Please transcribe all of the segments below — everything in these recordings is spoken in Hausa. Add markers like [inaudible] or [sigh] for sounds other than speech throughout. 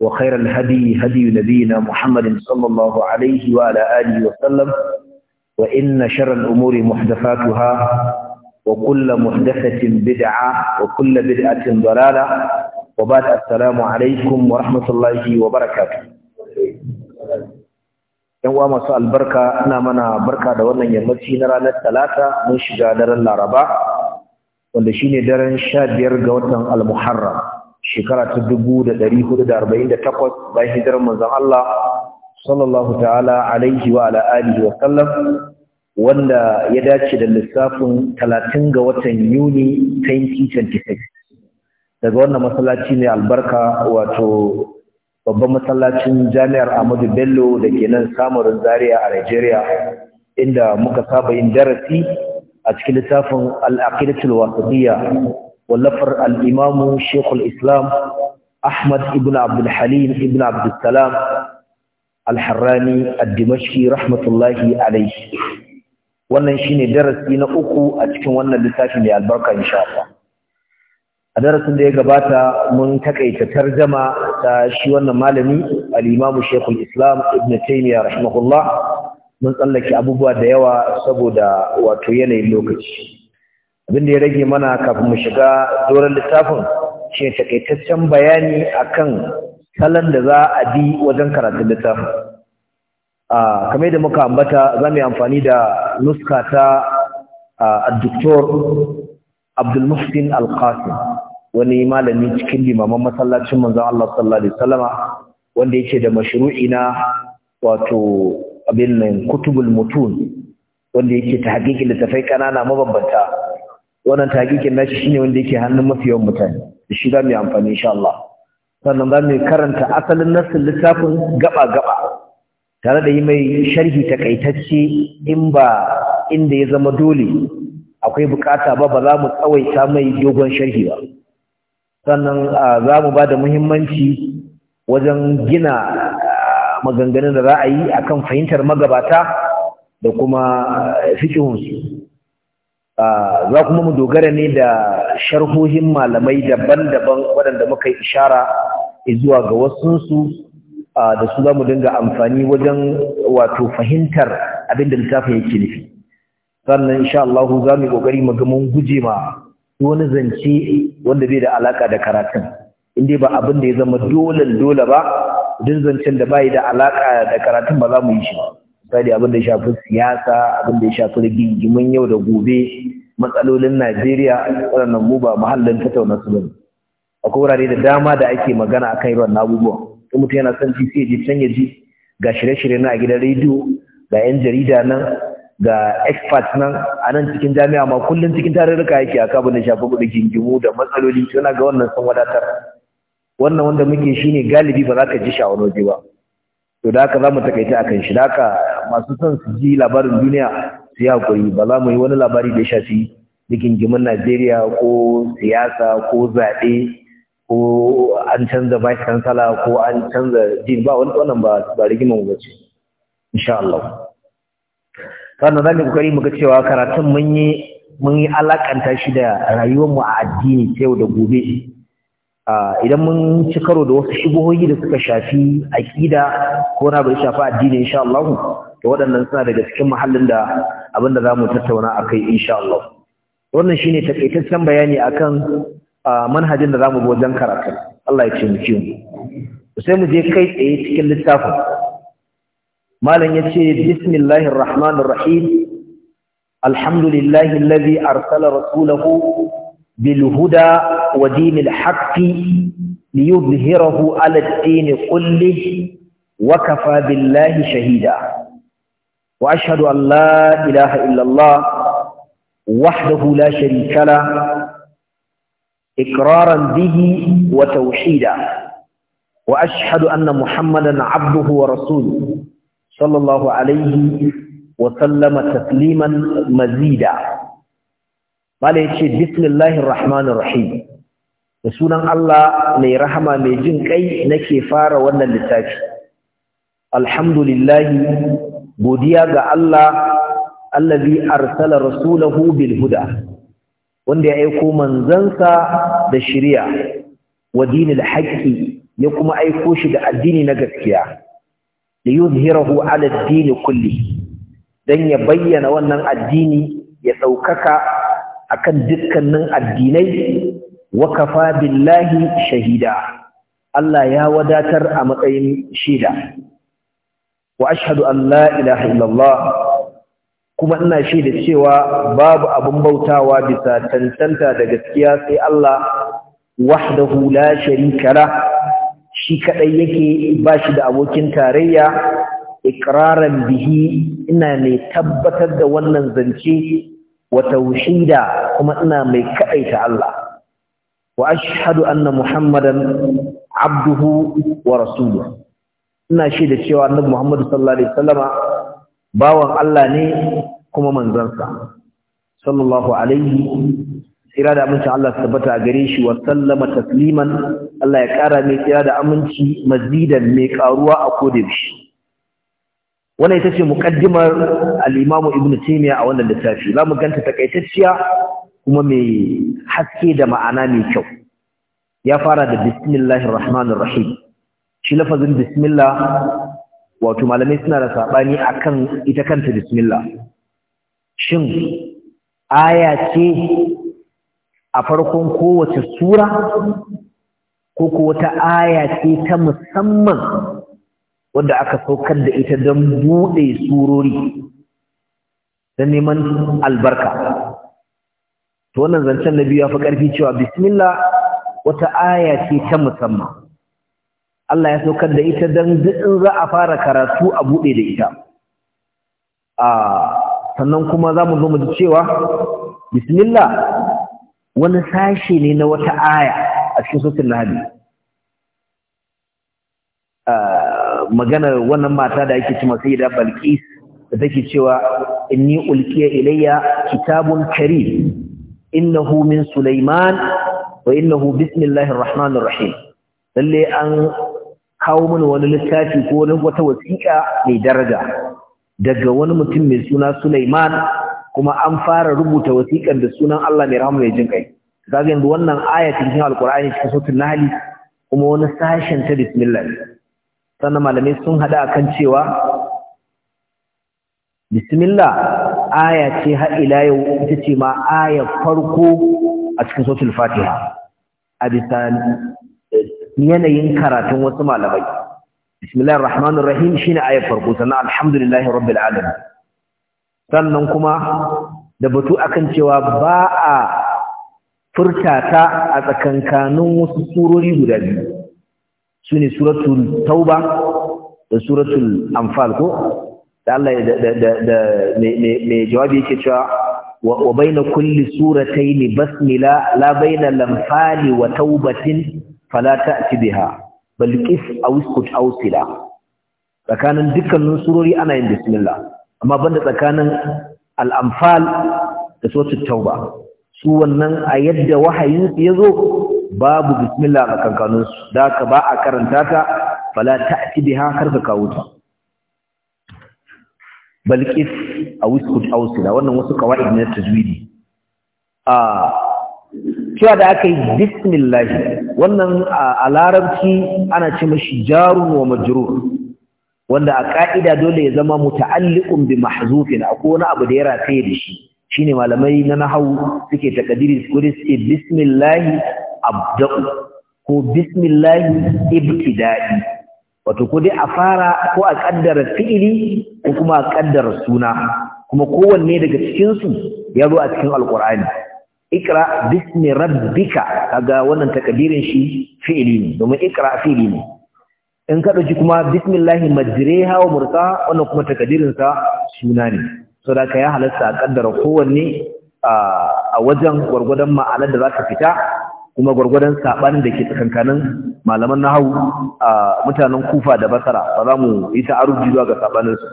وخير الهدي هدي نبينا محمد صلى الله عليه وعلى آله وسلم وإن شر الأمور محدثاتها وكل محدثة بدعة وكل بدعة ضلالة وبعد السلام عليكم ورحمة الله وبركاته yan uwa masu albarka ina mana barka da wannan yammaci na ranar talata mun shiga daren laraba wanda shine daren sha biyar ga watan al-muharram shekara ta dubu da da da hudu arba'in takwas bayan hijirar manzon Allah sallallahu ta'ala alaihi wa ala wa sallam wanda ya dace da lissafin talatin ga watan Yuni 2026 daga wannan masallaci ne albarka wato babban masallacin jami'ar Ahmadu Bello da ke nan samarin Zaria a Nigeria inda muka saba yin darasi a cikin littafin al-aqidatul wasatiyya wallafar al'imamu shekul islam ahmad ابن abdulhalim السلام abdulsalam الدمشقي رحمة rahmatullahi alaihi wannan shine darasi na uku a cikin wannan littafin mai albarka insha Allah a darasin da ya gabata mun takaita tarjama ta shi wannan malami al-Imam Sheikhul Islam Ibn Taymiyyah rahimahullah mun tsallake abubuwa da yawa saboda wato yanayin lokaci abin da ya rage mana kafin mu shiga doron littafin shi ne takaitaccen bayani akan salon da za a bi wajen karatun littafin a kamar da muka ambata za mu yi amfani da nuska ta addoktor abdulmuhsin alkasim wani malami cikin limaman masallacin manzan Allah sallallahu Alaihi wasallama wanda yake da mashru'i na wato abin nan kutubul mutun wanda yake ta hakiki littafai ƙanana mabambanta wannan tagikin nashi shine wanda yake hannun mafi yawan mutane da shi za mu yi amfani insha Allah sannan za mu karanta asalin nassin littafin gaba gaba tare da yi mai sharhi takaitacce in ba inda ya zama dole akwai bukata ba ba za mu tsawaita mai dogon sharhi ba sannan za mu ba da muhimmanci wajen gina maganganun da za a yi akan fahimtar magabata da kuma fikihunsu za kuma mu dogara ne da sharhohin malamai daban-daban waɗanda muka yi ishara zuwa ga wasunsu da su za mu dinga amfani wajen wato fahimtar abin da littafin yake nufi sannan insha Allah za mu kokari ƙoƙari mu ga mun guje ma wani zance wanda bai da alaka da karatun inda ba abin da ya zama dole dole ba duk zancen da bai da alaka da karatun ba za mu yi shi ba misali abin da ya shafi siyasa abin da ya shafi rigingimin yau da gobe matsalolin Najeriya waɗannan mu ba muhallin tattauna su ba akwai wurare da dama da ake magana akan irin abubuwa in mutum yana son ji sai ya je can ya ji ga shirye-shirye na a gidan rediyo ga 'yan jarida nan ga experts nan a nan cikin jami'a ma kullum cikin tarurruka yake a kabin da shafi kudin gingimu da matsaloli suna ga wannan sun wadatar wannan wanda muke shine galibi ba za ka ji shi waje ba to da haka za mu takaita a kan shi da haka masu son su ji labarin duniya su yi hakuri, ba za mu yi wani labari da ya shafi rigingimin najeriya ko siyasa ko zaɓe ko an canza vice kansala ko an canza jin ba wani tsanan ba ba rigimin ba ce insha Allah sannan da mu kokari muka cewa karatun mun yi mun alakanta shi da rayuwar mu a addini ta yau da gobe idan mun ci karo da wasu shubuhoyi da suka shafi aƙida ko na bai shafi addini insha Allah to waɗannan suna daga cikin mahallin da abin da mu tattauna akai insha Allah wannan shine takaitaccen bayani akan manhajin da zamu bi wajen karatu Allah ya ce mu sai mu je kai tsaye cikin littafin malam yace bismillahir rahmanir rahim alhamdulillahi alladhi arsala rasulahu بالهدى ودين الحق ليظهره على الدين كله وكفى بالله شهيدا وأشهد أن لا إله إلا الله وحده لا شريك له إقرارا به وتوحيدا وأشهد أن محمدا عبده ورسوله صلى الله عليه وسلم تسليما مزيدا bala ya ce bismillahir rahmanir rahim da sunan Allah mai rahama mai jin kai nake fara wannan littafi alhamdulillah godiya ga Allah allazi arsala rasulahu bil huda wanda ya aiko manzansa da shari'a wa dinil haqqi ya kuma aiko shi da addini na gaskiya da yuzhirahu ala ad-din kulli dan ya bayyana wannan addini ya daukaka akan dukkanin addinai wa kafa billahi shahida Allah ya wadatar a matsayin shaida wa ashhadu an la ilaha illallah kuma ina shaida cewa babu abun bautawa bisa tantanta da gaskiya sai Allah wahdahu la sharika la shi kadai yake ba shi da abokin tarayya ikraran bihi ina mai tabbatar da wannan zance wa tauhida kuma ina mai kadaita Allah wa ashhadu anna muhammadan abduhu wa rasuluhu ina shaida cewa annabi muhammad sallallahu alaihi wasallama bawan Allah ne kuma manzansa sallallahu alaihi tsira da aminci Allah tabbata a gare shi wa sallama tasliman Allah ya kara mai tsira da aminci mazidan mai karuwa a kodayaushe wannan ita ce mukaddimar Alimamu Ibn Taymiyyah a wannan littafi zamu ganta takaitacciya kuma mai haske da ma'ana mai kyau ya fara da bismillahir rahmanir rahim shi lafazin bismillah wato malamai suna da saɓani akan ita kanta bismillah shin aya ce a farkon kowace sura ko ko wata aya ce ta musamman Wanda aka saukar da ita don buɗe surori don neman albarka to wannan zancen na biyu ya fi ƙarfi cewa bismillah wata aya ce ta musamman Allah ya saukar da ita don in za a fara karatu a buɗe da ita sannan kuma za mu zo mu ji cewa bismillah wani sashe ne na wata aya a cikin sosin lahadi maganar wannan mata da yake cewa saida Balkis da take cewa inni ulqiya ilayya kitabun karim innahu min sulaiman wa innahu bismillahir rahmanir rahim lalle an kawo mana wani littafi ko wata wasiƙa mai daraja daga wani mutum mai suna Sulaiman kuma an fara rubuta wasiƙan da sunan Allah mai rahama mai jin kai kaga yanzu wannan aya cikin Alƙur'ani cikin suratul Nahl kuma wani sashen ta bismillah sannan malamai sun hada akan cewa bismillah aya ce har ila yau ita ce ma aya farko a cikin suratul fatiha a bisa yanayin karatun wasu malamai bismillahir rahmanir rahim shine ayar farko sannan alhamdulillahi rabbil alamin sannan kuma da batu akan cewa ba a furtata a tsakankanin wasu surori guda biyu su ne suratul tauba da suratul Amfal, ko da Allah da mai jawabi yake cewa wa baina kulli suratayn basmila la baina lamfali wa taubatin fala ta'ti biha bal qis aw iskut aw sila tsakanin dukkanin surori ana yin bismillah amma banda tsakanin al amfal da suratul tauba su wannan a yadda wahayin ya yazo babu bismillah a kankanunsu. da ka ba a karanta ta fala ta ake biha ka kawo ta balkis a wiskut ausila wannan wasu kawai na tajwidi a cewa da aka yi bismillah wannan a larabci ana ce mashi jarun wa majrur wanda a ka'ida dole ya zama muta'alliqun bi mahzufin akwai wani abu da ya rataye da shi shine malamai na nahawu suke takadiri su "Bismillahi". bismillah abda'u ko bismillahi ibtida'i wato ko dai a fara ko a kaddara fi'ili ko kuma a kaddara suna kuma kowanne daga cikin su ya zo a cikin alqur'ani ikra bismi rabbika kaga wannan takdirin shi fi'ili ne domin ikra fi'ili ne in ka dauki kuma bismillahi majriha wa mursa, wannan kuma takdirin sa suna ne saboda ka ya halatta a kaddara kowanne a wajen gwargwadon ma'anar da zaka fita kuma gwargwadon saɓanin da ke tsakankanin malaman na hau a mutanen kufa da basara ba za mu yi arubi zuwa ga saɓaninsu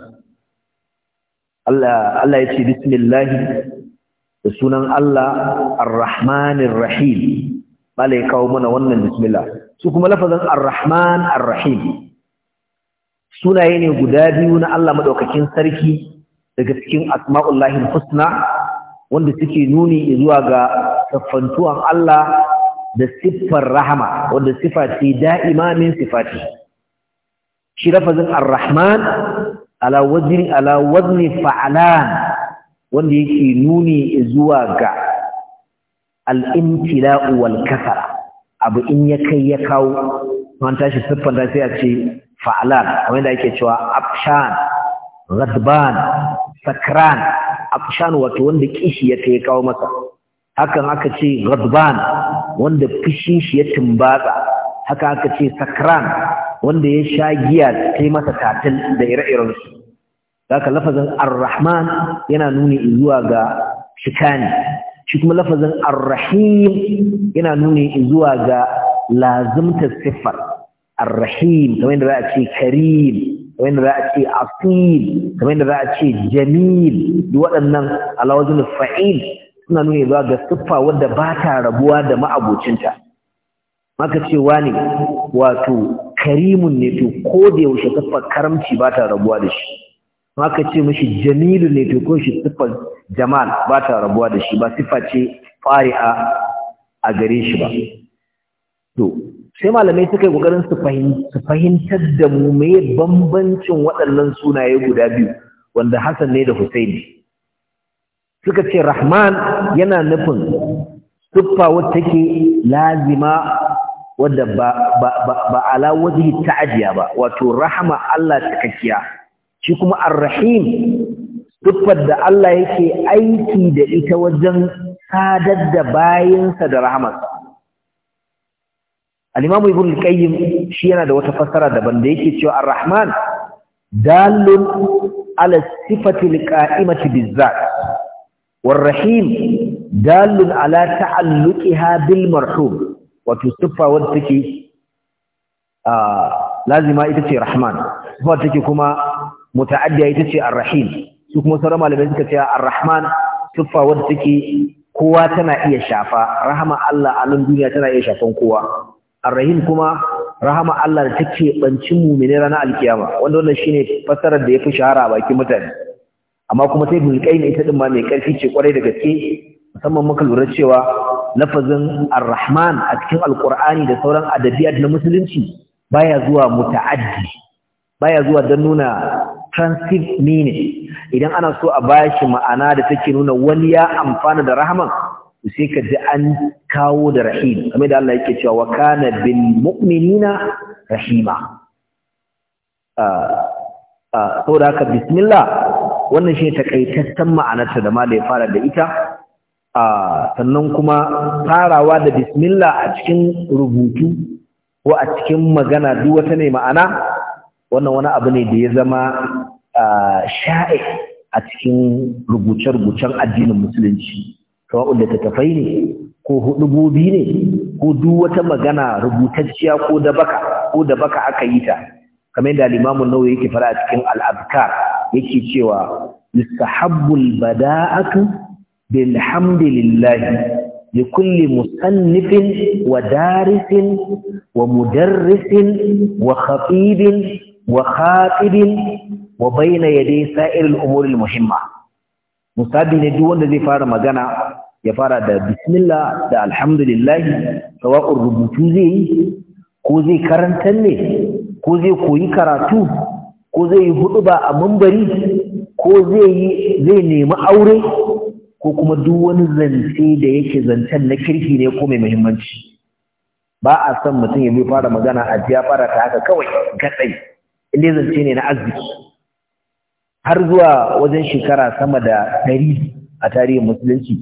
Allah ya ce bismillahi da sunan Allah ar rahim bala ya kawo mana wannan bismillah su kuma lafazin ar-rahman ar-rahim sunaye ne guda biyu na Allah madaukakin sarki daga cikin asma'ullahi husna wanda suke nuni zuwa ga saffantuwan Allah da siffar rahama wanda sifa ce da'ima min sifati shi lafazin ar-rahman ala wazni ala wazni fa'alan wanda yake nuni zuwa ga al-imtila'u wal kasara abu in ya kai ya kawo an tashi siffar da sai a ce fa'alan kamar da yake cewa afshan radban sakran afshan wato wanda kishi ya kai kawo masa hakan aka ce gadban wanda fushin shi ya tumbatsa haka aka ce sakran wanda ya sha giya sai masa tatil da ire-iren su haka lafazin ar-rahman yana nuni zuwa ga shikani shi kuma lafazin ar-rahim yana nuni zuwa ga lazimta siffar ar-rahim kamar yadda za a ce karim kamar yadda za a ce asil kamar yadda za a ce jamil duk waɗannan alawajin fa'il suna nuni zuwa ga siffa wadda ba ta rabuwa da ma'abocinta maka cewa ne wato karimun ne to ko da yaushe siffar karamci ba ta rabuwa da shi maka ce mashi jamilu ne to ko shi siffar jamal ba ta rabuwa da shi ba siffa ce fari'a a gare shi ba to sai malamai suka yi kokarin su fahimtar da mu mai bambancin waɗannan sunaye guda biyu wanda Hassan ne da Hussaini. suka ce rahman yana nufin siffa wadda take lazima wadda ba ala wajhi ta'diya ba wato rahama Allah takakkiya shi kuma ar-rahim siffar da Allah yake aiki da ita wajen sadar da bayinsa da rahamarsa al-imamu ibn al-qayyim shi yana da wata fassara daban da yake cewa ar-rahman dalun ala sifati al-qa'imati bizzat warrahim dalun ala ta'alluqiha bil marhum wato siffa wadda take lazima ita ce rahman siffa take kuma muta'addiya ita ce arrahim su kuma sauran malamai suka ce arrahman siffa wadda take kowa tana iya shafa rahama Allah a nan duniya tana iya shafan kowa arrahim kuma rahama Allah da take bancin mu'mini ranar alkiyama wanda shi ne fasarar da fi shahara a bakin mutane amma kuma sai bulƙai ne ita din ma mai karfi ce kwarai da gaske musamman muka lura cewa lafazin ar-rahman a cikin alqur'ani da sauran adabiyat na musulunci baya zuwa muta'addi baya zuwa dan nuna transitive meaning idan ana so a shi ma'ana da take nuna wani ya amfana da rahman sai ka ji an kawo da rahim kamar da Allah yake cewa wa kana bil mu'minina rahima ah, ah, saboda haka bismillah wannan shi takaitaccen ma'anarta da malai fara da ita sannan kuma farawa da bismillah a cikin rubutu ko a cikin magana duk wata ne ma'ana wannan wani abu ne da ya zama sha'i a cikin rubuce-rubucen addinin musulunci Kamar da tafai ne ko hudubobi ne ko duk wata magana rubutacciya ko da baka ko da baka aka yi ta kamar da al-Imam an-Nawawi yake fara a cikin al yake cewa istahabbul bada'atu bil hamdilillah wa مصنف ودارس ومدرس وخطيب وخاطب وبين يدي سائر الأمور muhimma musabi ne duk wanda zai fara magana ya fara da bismillah da alhamdulillah sawa'un rubutu zai yi ko zai karantar ne ko zai koyi karatu ko zai yi ba a mambari ko zai nemi aure ko kuma duk wani zance da yake zancen na kirki ne ko mai muhimmanci ba a san mutum ya bai fara magana a ya fara ta haka kawai gatsai inda zance ne na arziki har zuwa wajen shekara sama da ɗari a tarihin musulunci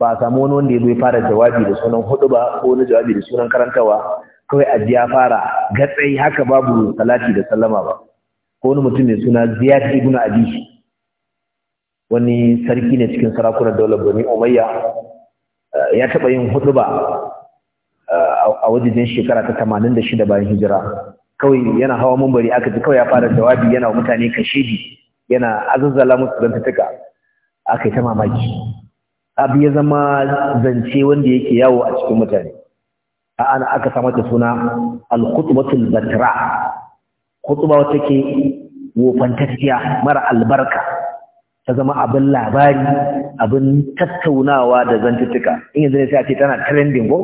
ba a samu wani wanda ya bai fara jawabi da sunan hudu ba ko wani jawabi da sunan karantawa kawai a ya fara gatsai haka babu salati da sallama ba ko wani mutum mai suna ziyad ibn abi wani sarki ne cikin sarakunan daular bani umayya eh, ya taba yin ba eh, a wajen shekara ta tamanin da shida, bayan hijira kawai yana hawa mambari aka ji kawai ya fara jawabi yana mutane kashedi yana azazzala musu zantattuka aka yi ta mamaki abu ya zama zance wanda yake yawo a cikin mutane ana aka samar da suna al-khutbatul batra khutba wata ke wofantacciya mara albarka ta zama abin labari abin tattaunawa da zantuttuka in yanzu ne sai a ce tana trending ko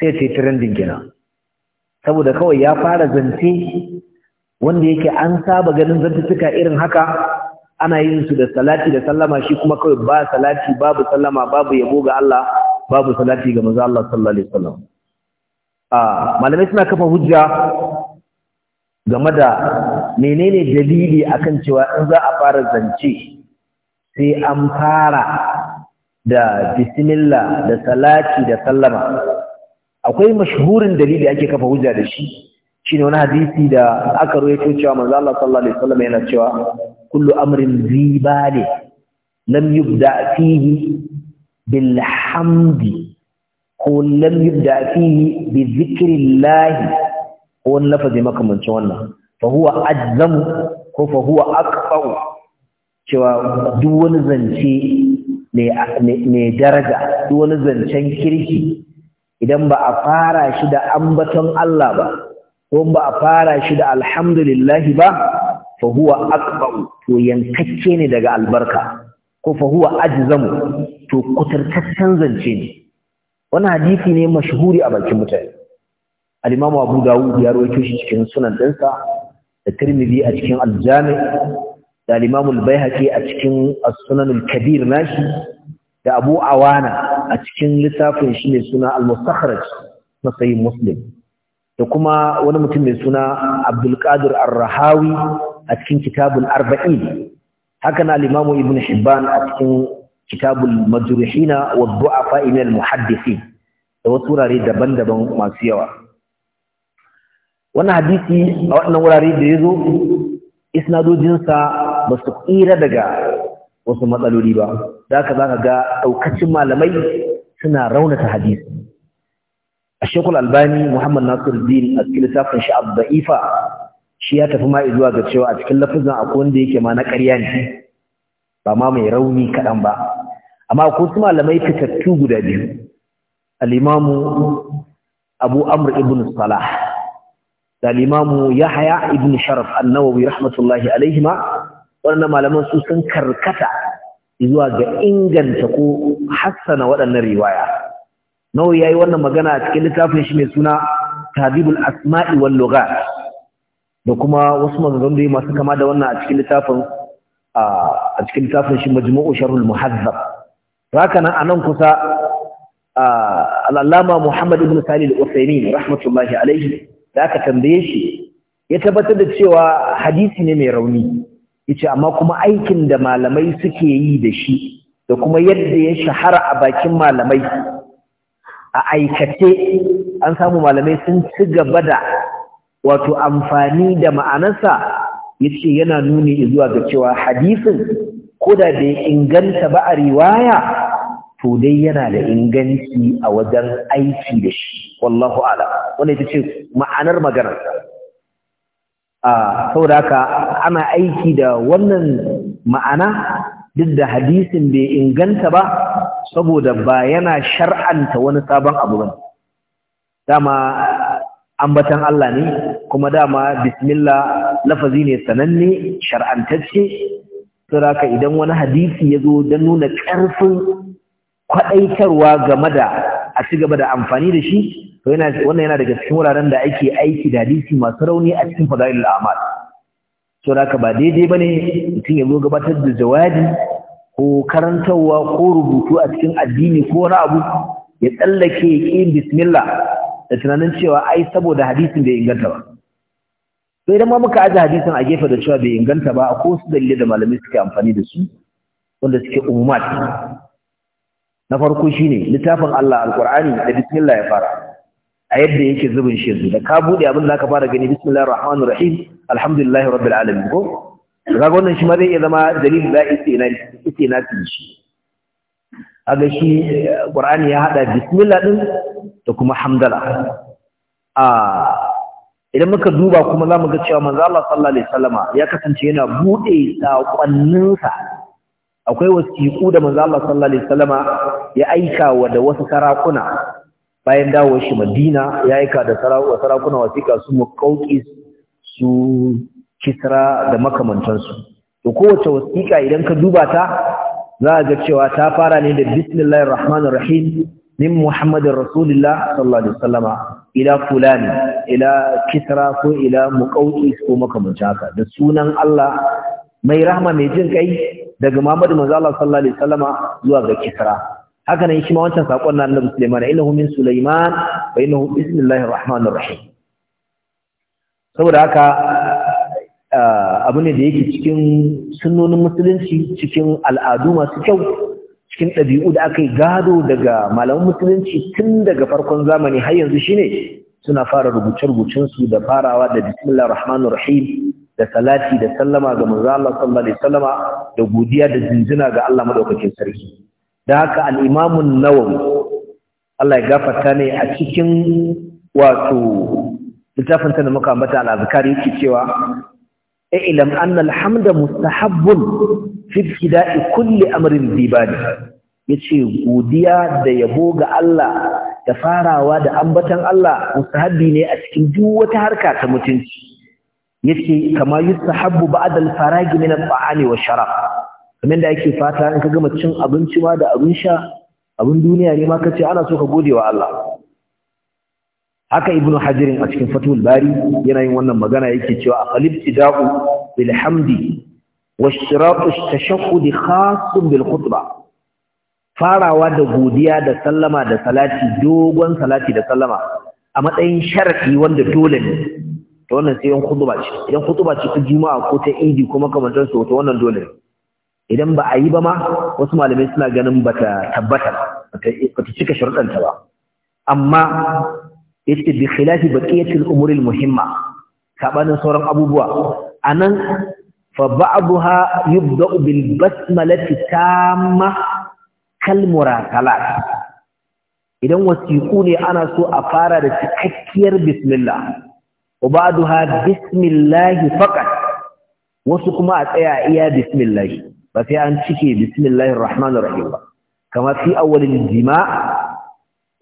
sai ce trending kenan saboda kawai ya fara zance wanda yake an saba ganin zantuttuka irin haka ana yin su da salati da sallama shi kuma kawai ba salati babu sallama babu yabo ga Allah babu salati ga manzo Allah sallallahu alaihi wasallam malamai suna kafa hujja game da menene dalili akan cewa in za a fara zance sai an fara da bismillah da salati da sallama akwai mashhurin dalili ake kafa hujja da shi shine wani hadisi da aka rawaito cewa manzo Allah sallallahu alaihi wasallam yana cewa kullu amrin zibali lam yubda fihi bil hamdi ko lam yubda fihi bi zikrillah ko wani lafazi makamancin wannan fa huwa ajzam ko fa huwa aqfa'u cewa duk wani zance mai daraja duk wani zancen kirki idan ba a fara shi da ambaton Allah ba ko ba a fara shi da alhamdulillah ba fa huwa aqba'u to yankacce ne daga albarka ko fa huwa ajzamu to kutartaccen zance ne wannan hadisi ne mashhuri a bakin mutane al-Imam Abu Dawud ya rawaito shi cikin sunan ɗinsa da Tirmidhi a cikin al-Jami da al-Imam al-Baihaqi a cikin as-Sunan al-Kabir nashi da Abu Awana a cikin littafin shi ne suna al-Mustakhraj na Sahih Muslim da kuma wani mutum mai suna Abdul Qadir Ar-Rahawi a cikin Kitabul Arba'in haka na al-Imam Ibn Hibban a cikin Kitabun majruhina wa du'afa min al da wasu wurare daban-daban masu yawa wannan hadisi a wannan wurare da yazo isnadojinsa ba su tsira daga wasu matsaloli ba da haka zaka ga daukacin malamai suna raunata hadisi Ashekul Albani Muhammad Nasiruddin a cikin lissafin shi Abda'ifa shi ya tafi ma zuwa ga cewa a cikin lafazin akwai wanda yake ma na ƙarya ne ba ma mai rauni kaɗan ba amma ko su malamai fitattu guda biyu al'imamu abu amr ibn salah da al'imamu yahaya ibn sharaf annawawi rahmatullahi alaihima wannan malaman su sun karkata zuwa ga inganta ko hassana waɗannan riwaya nawawi yayi wannan magana a cikin littafin shi mai suna tahdibul asma'i wal lughat da kuma wasu maganganu masu kama da wannan a cikin littafin a cikin littafin shi majmu'u sharhul muhazzab haka nan anan kusa al-allama Muhammad ibn Salih al-Uthaymeen rahmatullahi alayhi da aka tambaye shi ya tabbatar da cewa hadisi ne mai rauni yace amma kuma aikin da malamai suke yi da shi da kuma yadda ya shahara a bakin malamai a aikace an samu malamai sun ci gaba da wato amfani da ma'anarsa yace yana nuni zuwa ga cewa hadisin ko da bai inganta ba a riwaya to dai yana da inganci a wajen aiki da shi wallahu ala wannan ita ce ma'anar maganar a saboda haka ana aiki da wannan ma'ana duk da hadisin bai inganta ba saboda ba yana shar'anta wani sabon abu ba dama ambatan Allah ne kuma dama bismillah lafazi ne sananne shar'antacce suraka idan wani hadisi ya zo don nuna karfin kwaɗaitarwa game da a ci gaba da amfani da shi to yana wannan yana daga cikin wuraren da ake aiki da hadisi masu rauni a cikin fadailul a'mal to ba daidai bane mutum ya zo gabatar da jawabi ko karantarwa ko rubutu a cikin addini ko wani abu ya tsallake ya ƙi bismillah da tunanin cewa ai saboda hadisin bai inganta ba sai idan ma muka aje hadisin a gefe da cewa bai inganta ba akwai wasu dalilai da malamai suke amfani da su wanda suke umumat na farko shine littafin Allah alqur'ani da bismillah ya fara a yadda yake zubin shi da ka bude abin da ka fara gani bismillahir rahmanir rahim alhamdulillahi rabbil alamin ko kaga wannan shi ma zai iya zama dalil da istina istina shi aga shi eh, qur'ani ya hada bismillah din da kuma hamdala a idan muka duba kuma za mu ga cewa manzo Allah sallallahu alaihi ya kasance yana buɗe saƙonninsa. akwai wasiƙu da manzo Allah sallallahu alaihi ya aika wa da wasu sarakuna bayan dawo shi Madina ya aika da sarakuna wasiƙa su Muqawqis su Kisra da makamantansu to kowace wasiƙa idan ka duba ta za a ga cewa ta fara ne da bismillahir rahmanir rahim min muhammadin rasulillah sallallahu alaihi wasallama ila fulani ila kisra ko ila Muƙauƙi ko makamancin haka da sunan Allah mai rahma mai jin kai daga Muhammadu manzo sallallahu alaihi wasallama zuwa ga kisra haka nan shi ma wancan sakon na Annabi Sulaiman innahu min Sulaiman wa innahu bismillahir rahmanir rahim saboda haka abu ne da yake cikin sunnonin musulunci cikin al'adu masu kyau cikin ɗabi'u da aka yi gado daga malaman musulunci tun daga farkon zamani har yanzu shine suna fara rubuce-rubucensu da farawa da bismillah rahmanu rahim da salati da sallama ga manzo Allah sallallahu alaihi wasallama da godiya da zinjina ga Allah madaukakin sarki da haka al-Imam an-Nawawi Allah ya gafarta ne a cikin wato littafin sa da muka ambata al azkari yake cewa ilam anna al mustahabbun fi fida'i kulli amrin dibani yace godiya da yabo ga Allah da farawa da ambatan Allah mustahabbi ne a cikin duk wata harka ta mutunci yace kama yustahabbu ba'da al-faragi min at-ta'ami wa sharab kamar da yake fata in ka gama cin abinci ma da abin sha abin duniya ne ma kace ana so ka gode wa Allah haka ibnu hajirin a cikin fatul bari yana yin wannan magana yake cewa Alif tida'u bil hamdi واشتراط التشهد خاص بالخطبة farawa da godiya da sallama da salati dogon salati da sallama a matsayin sharadi wanda dole ne to wannan sai yan khutba ce idan khutba ce ta juma'a ko ta idi ko kamar ta to wannan dole ne idan ba a yi ba ma wasu malamai suna ganin bata tabbata bata cika ta ba amma yace bi khilafi baqiyatil umuri muhimma sabanin sauran abubuwa anan fa ba'daha yubda'u bil basmalati tamma kal murakalat idan wasiqu ne ana so a fara da cikakkiyar bismillah wa ba'daha bismillah faqat wasu kuma a tsaya iya bismillah ba sai an cike bismillahir rahmanir rahim ba kama fi awwalil jima'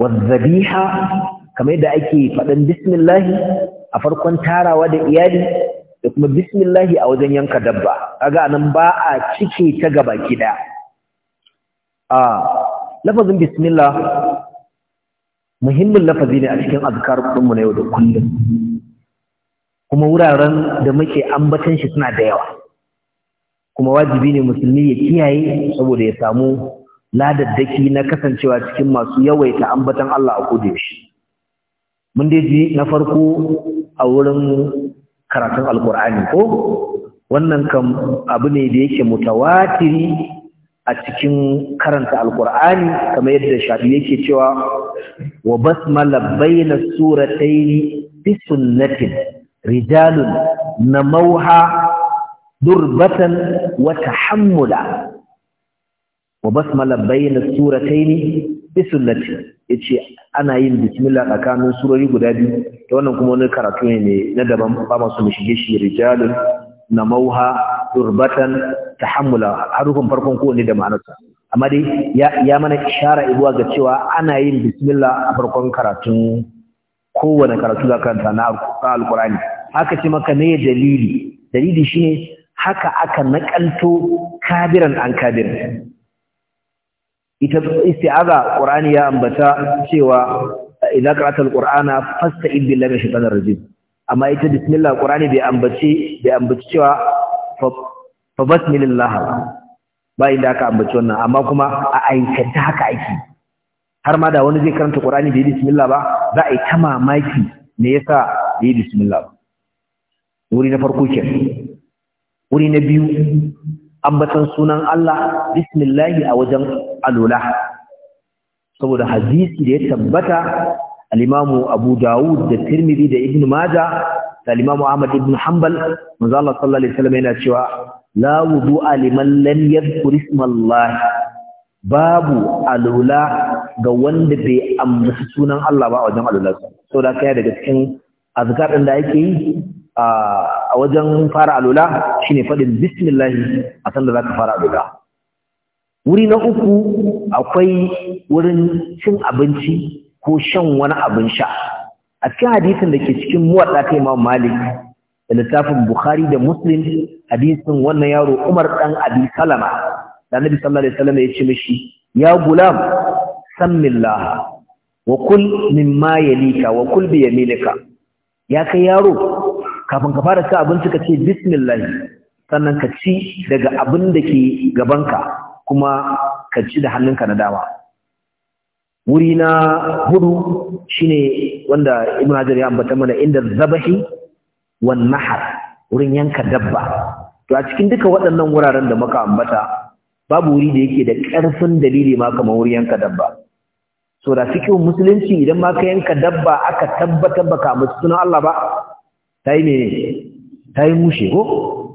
wal dhabiha kamar yadda ake faɗan bismillah a farkon tarawa da iyali da kuma bismillahi a wajen yanka dabba kaga nan ba a cike ta gaba gida a lafazin bismillah muhimmin lafazi ne a cikin azkar ɗinmu na yau da kullum kuma wuraren da muke ambatan shi suna da yawa kuma wajibi ne musulmi ya kiyaye saboda ya samu ladaddaki na kasancewa cikin masu yawaita ambatan Allah a kudin shi mun dai na farko a wurin karatun alkur'ani ko wannan kam abu ne da yake mutawatiri a cikin karanta alkur'ani kamar yadda shafi yake cewa wa basmala bayna suratayn bi sunnatin rijalun namauha durbatan wa tahammula wa basmala bayna suratayn bi sunnatin yace ana yin bismillah tsakanin surori guda biyu ta wannan kuma wani karatu ne na daban ba masu mu shige shi rijalun mauha turbatan tahammula harufin farkon ko ne da ma'anarsa amma dai ya mana ishara ibuwa ga cewa ana yin bismillah a farkon karatun kowane karatu da kanta na alkurani haka ce maka ne dalili dalili shine haka aka nakalto kabiran an kabirin. ita isti'aza qur'ani ya ambata cewa idza qara'ta alqur'ana fasta'id billahi minash shaitanir rajim amma ita bismillah qur'ani bai ambace bai ambace cewa fa basmillah ba inda aka ambace wannan amma kuma a aikata haka ake har ma da wani zai karanta qur'ani bai bismillah ba za a yi ta mamaki me yasa bai bismillah ba wuri na farko kenan wuri na biyu ambatan sunan Allah bismillahi a wajen alula saboda hadisi da ya tabbata al-Imam Abu Dawud da Tirmidhi da Ibn Majah da al Ahmad ibn Hanbal manzo Allah sallallahu alaihi wasallam yana cewa la wudu'a liman lam yadhkur ismallah babu alula ga wanda bai ambaci sunan Allah ba a wajen alula saboda kai daga cikin azkar din da yake yi a a wajen fara alula shine faɗin bismillah a sanda za ka fara alula wuri na uku akwai wurin cin abinci ko shan wani abin sha a cikin hadisin da ke cikin muwadda ta imam malik da littafin bukhari da muslim hadisin wannan yaro umar ɗan abi salama da Nabi sallallahu alaihi wasallam ya ce mishi ya gulam sammillah wa kul mimma yalika wa kul bi yaminika ya kai yaro kafin ka fara cin abinci ka ce bismillah sannan ka ci daga abin da ke gabanka kuma ka ci da hannunka na dama wuri na hudu shine wanda ibn hajar ya ambata mana inda zabahi wan nahar wurin yanka dabba to a cikin duka waɗannan wuraren da muka ambata babu wuri da yake da ƙarfin dalili ma kamar wurin yanka dabba so da cikin musulunci idan ma ka yanka dabba aka tabbatar baka mutu sunan Allah ba ta yi mene ta yi mushe ko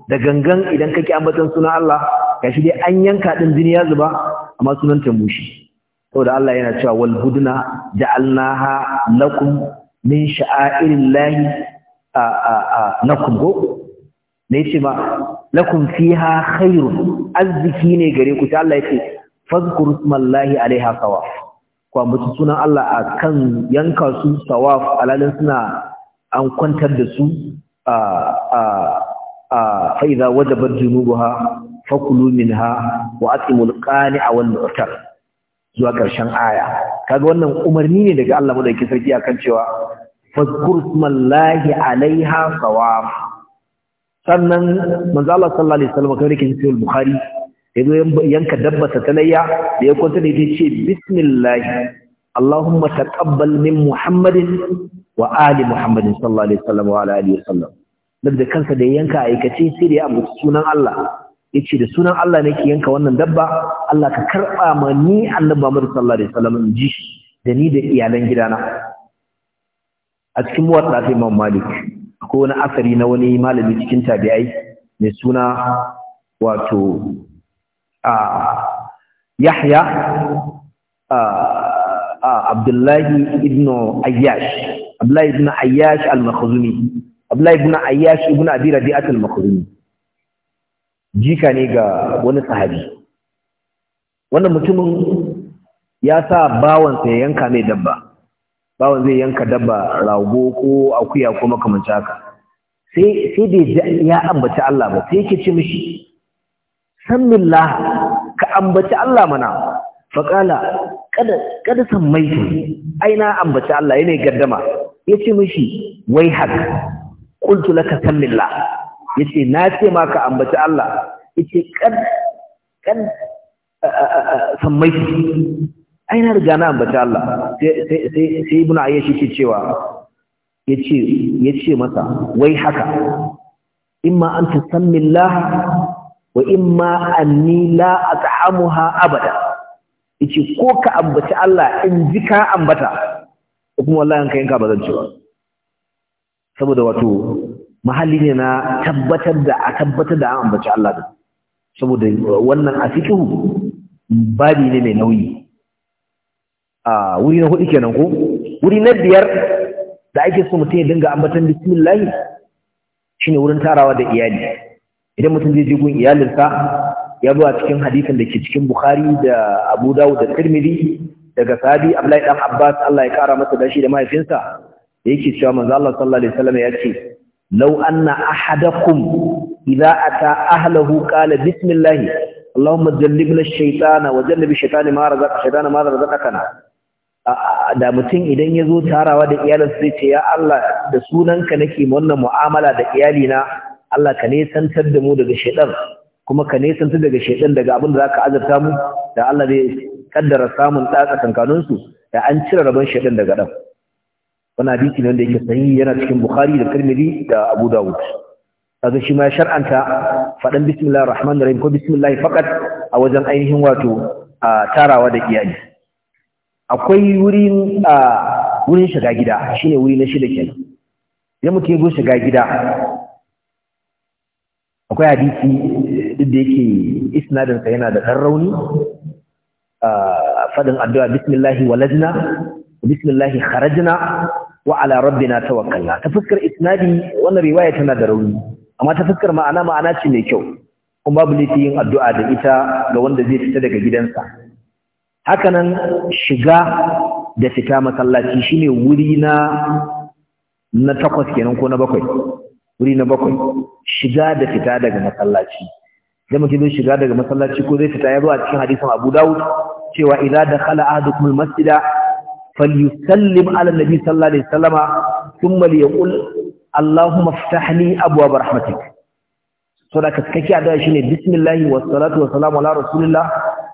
da gangan idan kake ambatan sunan Allah gashi dai an yanka din jini ya zuba amma sunan ta mushe saboda Allah yana cewa wal budna ja'alnaha lakum min sha'airillahi a a a lakum ko ne yace ma lakum fiha khairun azziki ne gare ku ta Allah yace fazkur smallahi alaiha sawaf ku ambaci sunan Allah a kan yanka su sawaf alalin suna an kwantar da su a a a fa idza wajabat junubuha fakulu minha wa atimul qani'a wal mu'tar zuwa karshen aya kaga wannan umarni ne daga Allah madaukakin sarki akan cewa fazkur smallahi alaiha sawaf sannan manzo Allah sallallahu alaihi wasallam kai rikin sahih bukhari yazo yanka dabbata talayya da ya kwanta da yace bismillah Allahumma taqabbal min Muhammadin wa ali muhammadin sallallahu alaihi wasallam wa alihi wasallam da kansa da yanka aikace sai da ya ambaci sunan Allah yace da sunan Allah nake yanka wannan dabba Allah ka karba ma ni annabi Muhammad sallallahu alaihi wasallam in ji da ni da iyalan gidana a cikin muwatta sai Imam Malik ko wani asari na wani malami cikin tabi'ai mai suna wato Yahya Abdullahi ibn Ayyash Abdullahi ibn Ayyash al-Makhzumi Abdullahi ibn Ayyash ibn Abi Rabi'at al-Makhzumi jika ne ga wani sahabi wannan mutumin ya sa bawansa ya yanka mai dabba bawan zai yanka dabba rago ko akuya ko makamancin haka sai sai da ya ambaci Allah ba sai yake ce mishi sammillah ka ambaci Allah mana faqala kada kada san mai ai na ambaci Allah yana gaddama yace mishi wai haka qultu laka Ya yace na ce maka ambaci Allah yace kad kad san mai ai na riga na ambaci Allah sai sai sai ibnu ayyashi ke cewa yace yace masa wai haka imma an tusammillah wa imma anni la ha abada ice ko ka ambaci Allah in ji ka ambata kuma wallahi kai ka bazan ba saboda wato mahalli ne na tabbatar da a tabbatar da an ambaci Allah din saboda wannan a cikin babi ne mai nauyi a wuri na hudu kenan ko wuri na biyar da ake so mutum ya dinga ambatan bismillah shine wurin tarawa da iyali idan mutum zai je gun iyalinsa ya zo a cikin hadisin da ke cikin bukhari da abu dawud da tirmidhi daga sahabi abdullahi dan abbas Allah ya kara masa dashi da mahaifinsa da yake cewa manzo Allah sallallahu alaihi wasallam ya ce law anna ahadakum idza ata ahlihi qala bismillah Allahumma jallibna ash-shaytana wa jallib ash-shaytana ma razaqa shaytana ma razaqana da mutum idan ya zo tarawa da iyalinsa zai ce ya Allah da sunanka nake wannan mu'amala da iyalina Allah ka ne santar da mu daga shaytan kuma ka nesanta daga shaidan daga abin da za ka azurta mu da Allah zai kaddara samun tsatsa kankaninsu da an cire rabon shaidan daga ɗan wani hadisi ne da yake sahihi yana cikin bukhari da tirmidhi da abu dawud kaga shi ma shar'anta faɗan bismillahir rahmanir rahim ko bismillah faqat a wajen ainihin wato tarawa da iyali akwai wurin wurin shiga gida shine wuri na shida kenan idan mutum ya shiga gida akwai hadisi duk da yake isnadinsa yana da ɗan rauni fadin addu'a bismillahi walajna bismillahi kharajna wa ala rabbina tawakkalna ta fuskar isnadi wannan riwaya tana da rauni amma ta fuskar ma'ana ma'ana ce mai kyau kuma babu laifi yin addu'a da ita ga wanda zai fita daga gidansa hakanan shiga da fita masallaci shine wuri na na takwas kenan ko na bakwai wuri na bakwai shiga da fita daga masallaci da mutum zai shiga daga masallaci ko zai fita ya zo a cikin hadisin Abu Dawud cewa idza dakhala ahadukum al-masjida falyusallim ala nabi sallallahu alaihi wasallama thumma liyaqul Allahumma iftah li abwaab rahmatik so da kakkaki addu'a shine bismillah wa salatu wa salamu ala rasulillah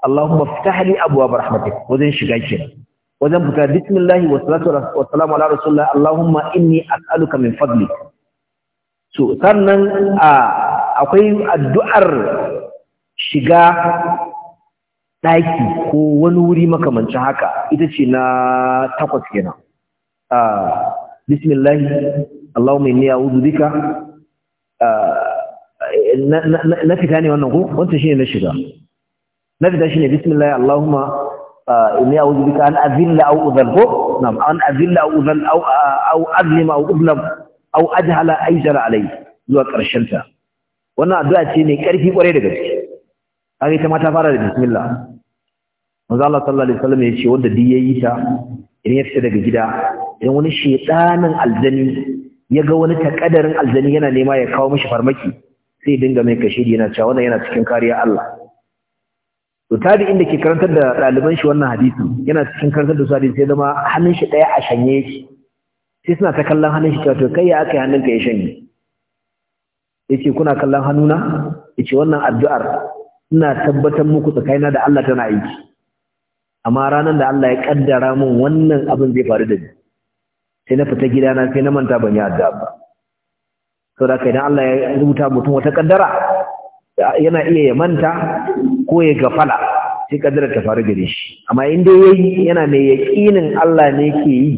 Allahumma iftah li abwaab rahmatik wajen shiga kenan wajen fita bismillah wa salatu wa salamu ala rasulillah Allahumma inni as'aluka min fadlik so sannan a akwai addu'ar shiga ɗaki ko wani wuri makamancin haka ita ce na takwas kenan bismillah Allahumma inni a'udhu bika na fita ne wannan ko shi ne na shiga na fita ne, bismillah Allahumma inni a'udhu bika an azilla aw udhal ko na'am an azilla au udhal aw aw azlima aw udlam aw ajhala ajra alayhi zuwa karshen ta wannan addu'a ce mai ƙarfi ƙwarai da gaske kaga ita ma ta fara da bismillah manzo Allah sallallahu alaihi wasallam ya ce wanda duk yayi ta idan ya fita daga gida idan wani shedanin aljani ya ga wani takadarin aljani yana nema ya kawo mishi farmaki sai dinga mai kashi yana cewa wannan yana cikin kariya Allah to tabi da ke karantar da daliban shi wannan hadisi yana cikin karantar da su hadisi sai zama hannun shi ɗaya a shanye yake sai suna ta kallon hannun shi cewa to kai ya aka yi hannun ka ya shanye yake kuna kallon hannuna yake wannan addu'ar ina tabbatar muku tsakanina da Allah tana aiki amma ranan da Allah ya kaddara min wannan abin zai faru da ni sai na fita gidana sai na manta ban yi addu'a ba da kai dan Allah ya rubuta mutum wata kaddara yana iya ya manta ko ya gafala sai kaddara ta faru gare shi amma in dai yayi yana mai yaqinin Allah ne yake yi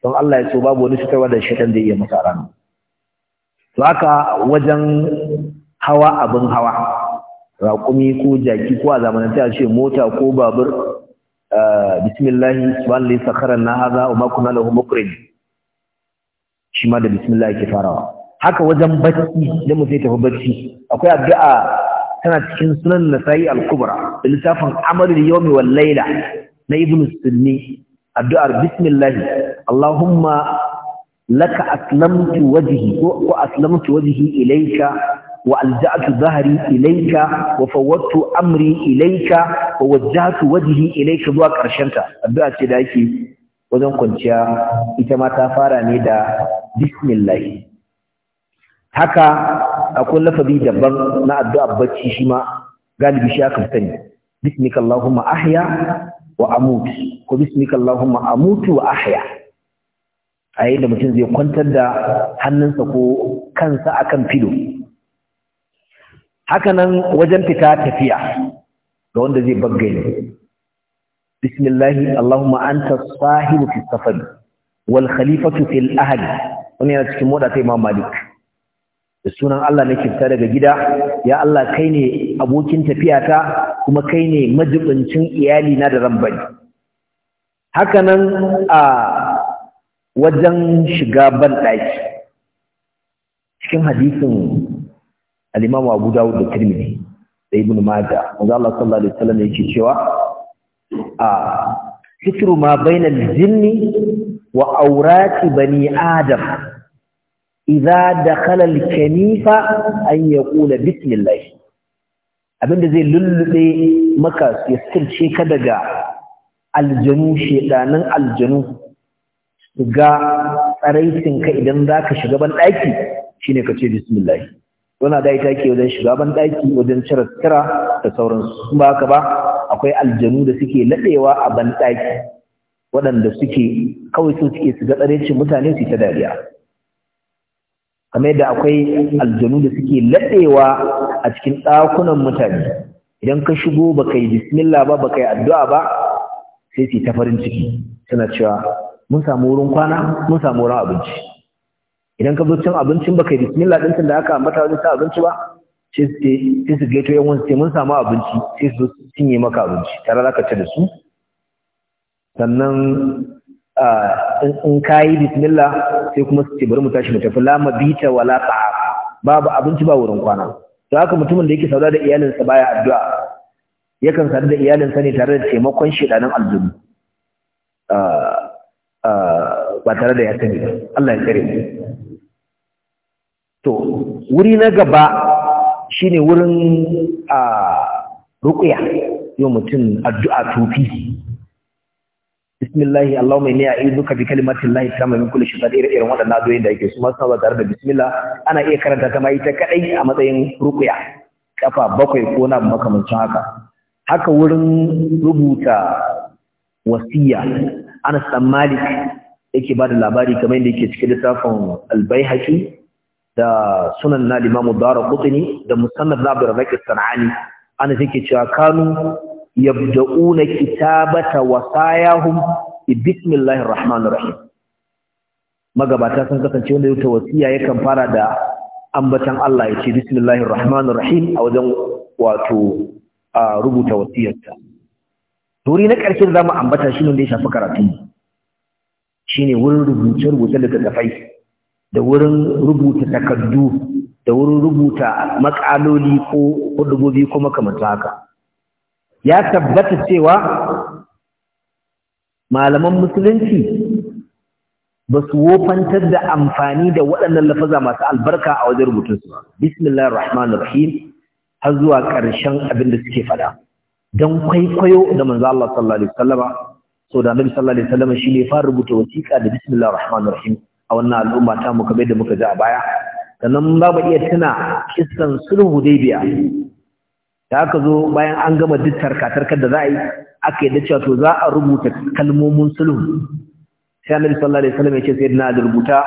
don Allah ya so babu wani fitarwa da shaitan zai iya masa ranar to haka wajen hawa abin hawa raƙumi ko jaki ko a zamanance ce mota ko babur eh, bismillahi subhanallahi sakharan na haza wa makuna lahu mukrin shi ma da bismillah yake farawa haka wajen bacci da mu sai tafi bacci akwai addu'a tana cikin sunan nasai al-kubra da littafin amalul yawmi wal layla na ibnu sunni addu'ar bismillah allahumma laka aslamtu wajhi ko aslamtu wajhi ilayka wa alja'tu dhahri ilayka wa fawwadtu amri ilayka wa wajjahtu wajhi ilayka zuwa karshen ta addu'a ce da yake wajen kwanciya ita ma ta fara ne da bismillah haka akwai lafazi daban na addu'a bacci shi ma galibi shi aka sani bismika allahumma ahya wa amut ko bismika allahumma amutu wa ahya a yayin da mutum zai kwantar da hannunsa ko kansa a kan filo hakanan wajen fita tafiya ga wanda zai baggaye bismillahi allahumma anta sahibu fi safar wal khalifatu fil ahli wannan yana cikin moda ta imam malik da sunan Allah nake fita daga gida ya Allah kai ne abokin tafiyata kuma kai ne majibincin iyali na da zan bari hakanan a wajen shiga banɗaki cikin hadisin al guda Abu da turmini da Ibn Majah manzo Allah sallallahu alaihi wasallam yake cewa a fitru ma bainal jinni wa aurati bani adam idza dakhala al-kanifa an yaqula bismillah abinda zai lullube maka ya sirce ka daga aljanu shedanan aljanu ga tsaraicin ka idan za ka shiga banɗaki? ɗaki ne ka ce bismillah wana da ita ke wajen shiga banɗaki wajen cire tsira da sauransu ba haka ba akwai aljanu da suke laɗewa a ban waɗanda suke kawai su suke su ga tsaraicin mutane su ta dariya kamar da akwai aljanu da suke laɗewa a cikin ɗakunan mutane idan ka shigo ka yi bismillah ba ka yi addu'a ba sai su ta farin ciki suna cewa mun samu wurin kwana mun samu wurin abinci idan ka zo cin abincin baka yi bismillah din da aka ambata wajen cin abinci ba sai su gaito yan wani sai mun samu abinci sai su cinye maka abinci tare da ka ci da su sannan in ka yi bismillah sai kuma su ce bari mu tashi mu tafi lama bita wala ta babu abinci ba wurin kwana to haka mutumin da yake sauda da iyalinsa baya addu'a yakan sadu da iyalinsa ne tare da taimakon nan aljinu ba tare da ya sani ba Allah ya kare to wuri na gaba shine wurin a ruqya yo mutum addu'a tufi bismillahi allahumma inni a'udhuka bi kalimati llahi tamma min kulli shaytanin irin wanda wadannan addu'o'in da yake su ma suna ba tare da bismillah ana iya karanta ta mai ta kadai a matsayin ruqya kafa bakwai ko na makamancin haka haka wurin rubuta wasiya Anas dan Malik yake ba da labari kamar yadda yake cikin littafin albaihaki da sunan na limamu dara kutini da musamman labar raƙi sana'ani ana take cewa kanu yabda'una kitabata wasayahum bi bismillahir rahmanir rahim magabata sun kasance wanda yake wasiya yakan fara da ambatan Allah ya ce bismillahir rahmanir rahim a wajen wato rubuta wasiyarsa duri na ƙarshen zamu ambata shi ne da ya shafi karatu shine wurin rubuce-rubuce tafai, da wurin rubuta takardu da wurin rubuta makaloli ko hudubobi ko makamata haka ya tabbata cewa malaman musulunci ba su wofantar da amfani da waɗannan lafaza masu albarka a wajen rubutunsu ba bismillahir rahmanir rahim har zuwa ƙarshen abin da suke faɗa don kwaikwayo da manzo Allah sallallahu alaihi wasallama so da annabi sallallahu alaihi wasallam shi ne fara rubuta wasiƙa da bismillahir rahmanir rahim a wannan al'umma ta mu kamar da muka ji a baya sannan ba ba iya tuna kissan sulhu hudaybiya da aka zo bayan an gama duk tarkatarkar da za a yi aka yadda cewa to za a rubuta kalmomin sulhu sai annabi sallallahu alaihi wasallam ya ce sayyidina da rubuta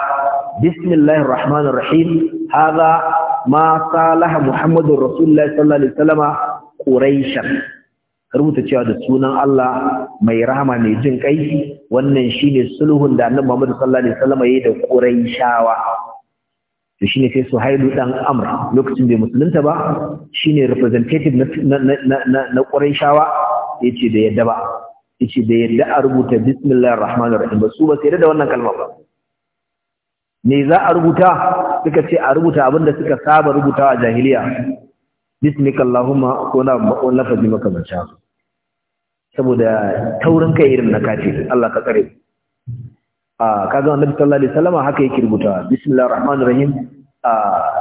bismillahir rahmanir rahim hadha ma salaha muhammadur rasulullahi sallallahu alaihi wasallam quraishan rubuta cewa da sunan Allah mai rahama mai jin kai wannan shine sulhun da Annabi Muhammad sallallahu alaihi wasallam yayi da Quraishawa to shine sai Suhailu dan Amr lokacin da musulunta ba shine representative na na na na Quraishawa yace da yadda ba yace da yadda a rubuta bismillahir rahmanir rahim ba su ba sai da wannan kalma ba me za a rubuta suka ce a rubuta abinda suka saba rubutawa a jahiliya bismika allahumma ko na lafazin makamancin saboda taurin kai irin na kafiri Allah ka tsare a kaga annabi sallallahu alaihi wasallam haka yake rubuta bismillahir rahmanir rahim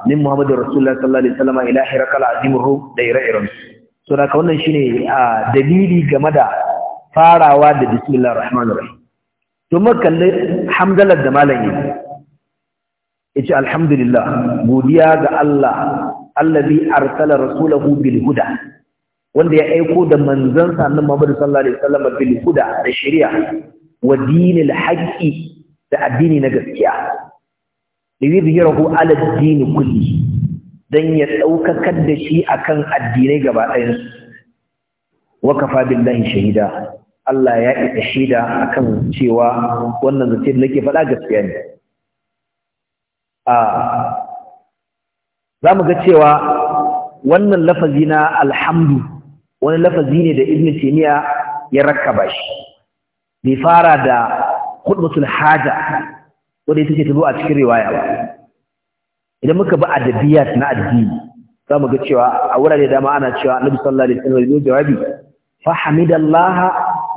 min muhammadur rasulullahi sallallahu alaihi wasallam ila hirakal azimuhu da ira iren so da wannan shine dalili game da farawa da bismillahir rahmanir rahim to makalle hamdalah da malam yace alhamdulillah godiya ga Allah allazi arsala rasulahu bil huda wanda ya aiko da manzon sa annabi Muhammad sallallahu alaihi wasallam bil huda da shari'a wa dinil haqqi da addini na gaskiya liyudhhirahu ala ad-din kulli dan ya daukakar da shi akan addinai gaba ɗayan su wa kafa billahi shahida Allah ya isa shaida akan cewa wannan zace da nake faɗa gaskiya ne a zamu ga cewa wannan lafazi na alhamdu wani lafazi ne da ibn taymiya ya rakkaba shi bai fara da khutbatul haja wanda ita ce ta a cikin riwaya ba idan muka bi adabiyat na addini za mu ga cewa a wurare dama ana cewa annabi sallallahu alaihi wasallam jawabi fa hamidallaha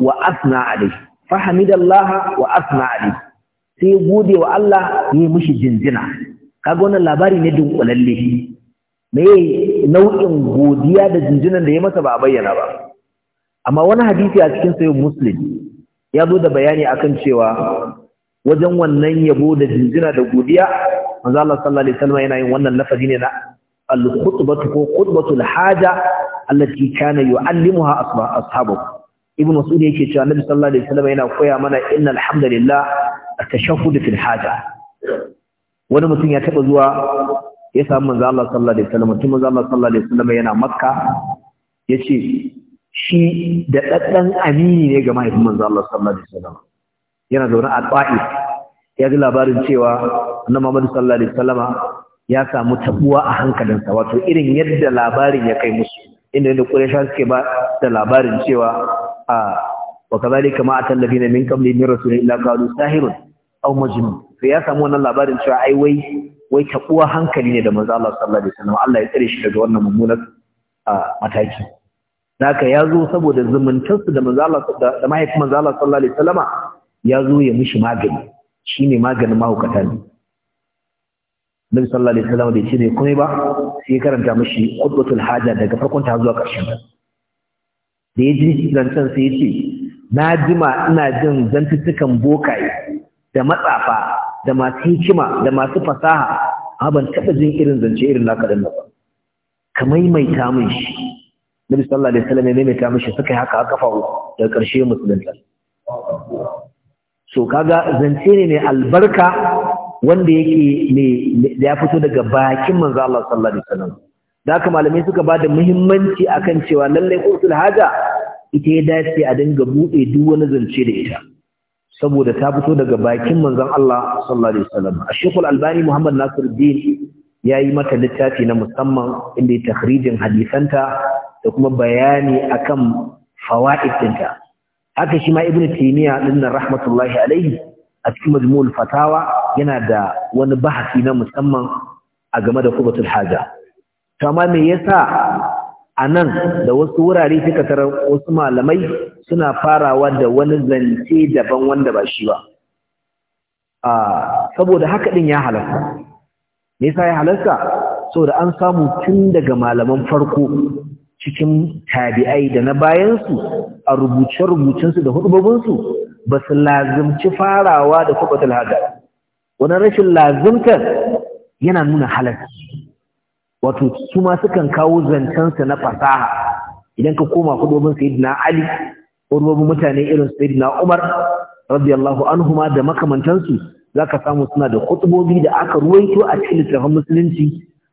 wa asna alaihi fa hamidallaha wa asna alaihi sai gode wa Allah ya yi mishi jinjina kaga wannan labari ne dunkulalle me nau'in godiya da jinjinan da ya masa ba a bayyana ba amma wani hadisi a cikin sayin muslim ya zo da bayani akan cewa wajen wannan yabo da jinjina da godiya manzo Allah sallallahu alaihi wasallam yana yin wannan lafazi ne na al-khutbatu ko khutbatul haja allati kana yu'allimuha ashabu ibnu mas'ud yake cewa annabi sallallahu alaihi wasallam yana koya mana innal hamdalillah at-tashahhud fil haja wani mutum ya taba zuwa ya samu manzo Allah sallallahu alaihi wasallam tun manzo Allah sallallahu alaihi wasallam yana makka yace shi da daddan amini ne ga mahaifin manzo Allah sallallahu alaihi wasallam yana zaune a Ta'if ya ji labarin cewa annabi Muhammad sallallahu alaihi wasallam ya samu tabuwa a hankalinsa wato irin yadda labarin ya kai musu inda da Quraysh suke ba da labarin cewa a wa kazalika ma atal ladina min qabli min rasulillahi qalu sahirun aw majnun sai ya samu wannan labarin cewa ai wai wai taɓuwa hankali ne da manzo Allah sallallahu alaihi wasallam Allah ya tsare shi daga wannan mummunan mataki naka yazo saboda zumuntarsu da manzo Allah da mahaifin manzo Allah sallallahu alaihi wasallama yazo ya mishi magani shine maganin mahukata ne Nabi sallallahu alaihi wasallam da ce ne kuma ba sai karanta mishi qudwatul haja daga farkon ta zuwa ƙarshen ta da ya ji zancen sai ya ce na jima ina jin zantuttukan bokaye da matsafa da masu hikima da masu fasaha a ban taɓa jin irin zance irin naka ɗin ba ka maimaita mun shi nabi sallallahu alaihi wasallam ya maimaita shi suka yi haka aka faru daga ƙarshe musulunta so kaga zance ne mai albarka wanda yake ne da ya fito daga bakin manzo Allah sallallahu alaihi wasallam da haka malamai suka ba da muhimmanci akan cewa lallai usul haja ita ya dace a dinga buɗe duk wani zance da ita saboda ta fito daga bakin manzon Allah sallallahu alaihi wasallam Sheikh Al-Albani Muhammad Nasiruddin yayi mata littafi na musamman inda ya takhrijin hadisanta da kuma bayani akan fawaid dinta haka shi ma Ibn Taymiyyah din rahmatullahi alaihi a cikin majmu'ul fatawa yana da wani bahasi na musamman a game da kubatul haja kama me yasa a nan da wasu wurare suka tarar wasu malamai suna farawa da wani zance daban wanda ba shi ba saboda haka din ya halasta me yasa ya halasta saboda an samu tun daga malaman farko cikin tabi'ai da na bayansu a rubuce-rubucensu da hudubabinsu ba su lazimci farawa da kubatul hada wani rashin lazimtar yana nuna halarci wato su ma sukan kawo zancensa na fasaha idan ka koma hudobin sayyidina ali hudobin mutane irin sayyidina umar radiyallahu anhuma da makamantansu zaka samu suna da kutubobi da aka ruwaito a cikin littafin musulunci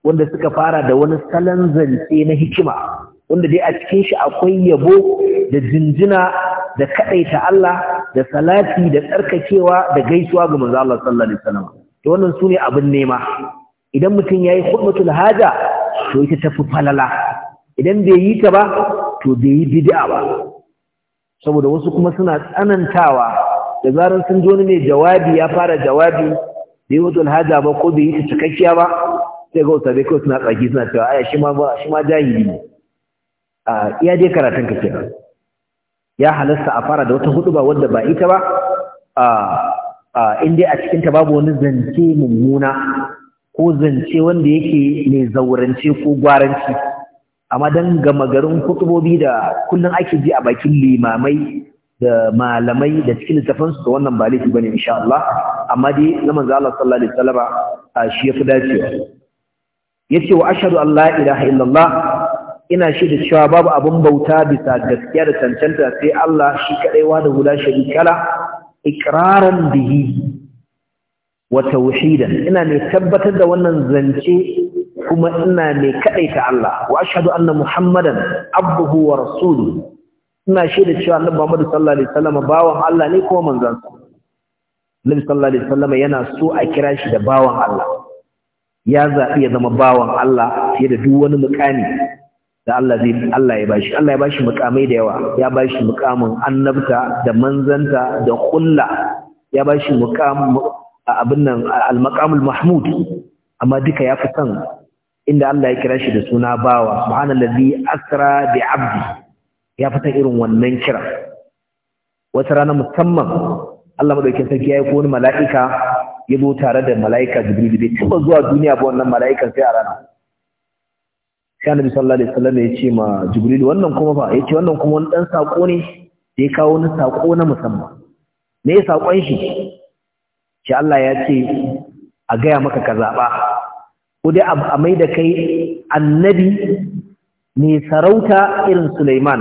wanda suka fara da wani salon zance na hikima wanda dai a cikin shi akwai yabo da jinjina da kadaita Allah da salati da tsarkakewa da gaisuwa ga manzo Allah sallallahu alaihi wasallam to wannan sune abin nema idan mutum ya yi khutbatul haja to ita ta fi falala idan bai yi ta ba to bai yi bid'a ba saboda wasu kuma suna tsanantawa da zarar sun ji mai jawabi ya fara jawabi bai yi watul haja ba ko bai yi ta cikakkiya ba sai ga usabe kawai suna tsaki suna cewa aya shi ma shi ma jahili ne a iya dai karatun ka kenan ya halasta a fara da wata hudu ba wanda ba ita ba a in dai a cikin ta babu wani zance mummuna ko zance wanda yake mai zaurance ko gwaranci amma don gama garin kutubobi da kullum ake ji a bakin limamai da malamai da cikin littafin su wannan ba laifi bane insha Allah amma dai na manzo sallallahu alaihi wasallam shi yafi dacewa yace wa ashhadu an la ilaha illallah ina shi da cewa babu abun bauta bisa gaskiya da cancanta sai Allah shi kadai wa da hula kala iqraran bihi Wata tauhidan ina mai tabbatar da wannan zance kuma ina mai kadaita Allah wa ashhadu anna muhammadan abduhu wa rasuluhu ina shaida cewa annabi Muhammad sallallahu alaihi wasallam bawan Allah ne kuma manzon sa Nabi sallallahu alaihi wasallam yana so a kira shi da bawan Allah ya zabi ya zama bawan Allah fiye da duk wani mukami da Allah zai Allah ya bashi Allah ya bashi mukamai da yawa ya bashi mukamin annabta da manzanta da kulla ya bashi mukamin. A abin nan al-maqamul mahmud amma duka yafi san inda Allah ya kira shi da suna bawa subhanallazi asra bi abdi yafi san irin wannan kira wata rana musamman Allah madaukakin sarki yi ko wani mala'ika ya zo tare da mala'ika Jibril bai taba zuwa duniya ba wannan mala'ikan sai a rana sai Annabi sallallahu alaihi wasallam ya ce ma Jibril wannan kuma fa yace wannan kuma wani dan sako ne da ya kawo wani sako na musamman me ya sakon shi shi Allah ya ce a gaya maka ka zaɓa ko dai a mai da kai annabi ne sarauta irin Sulaiman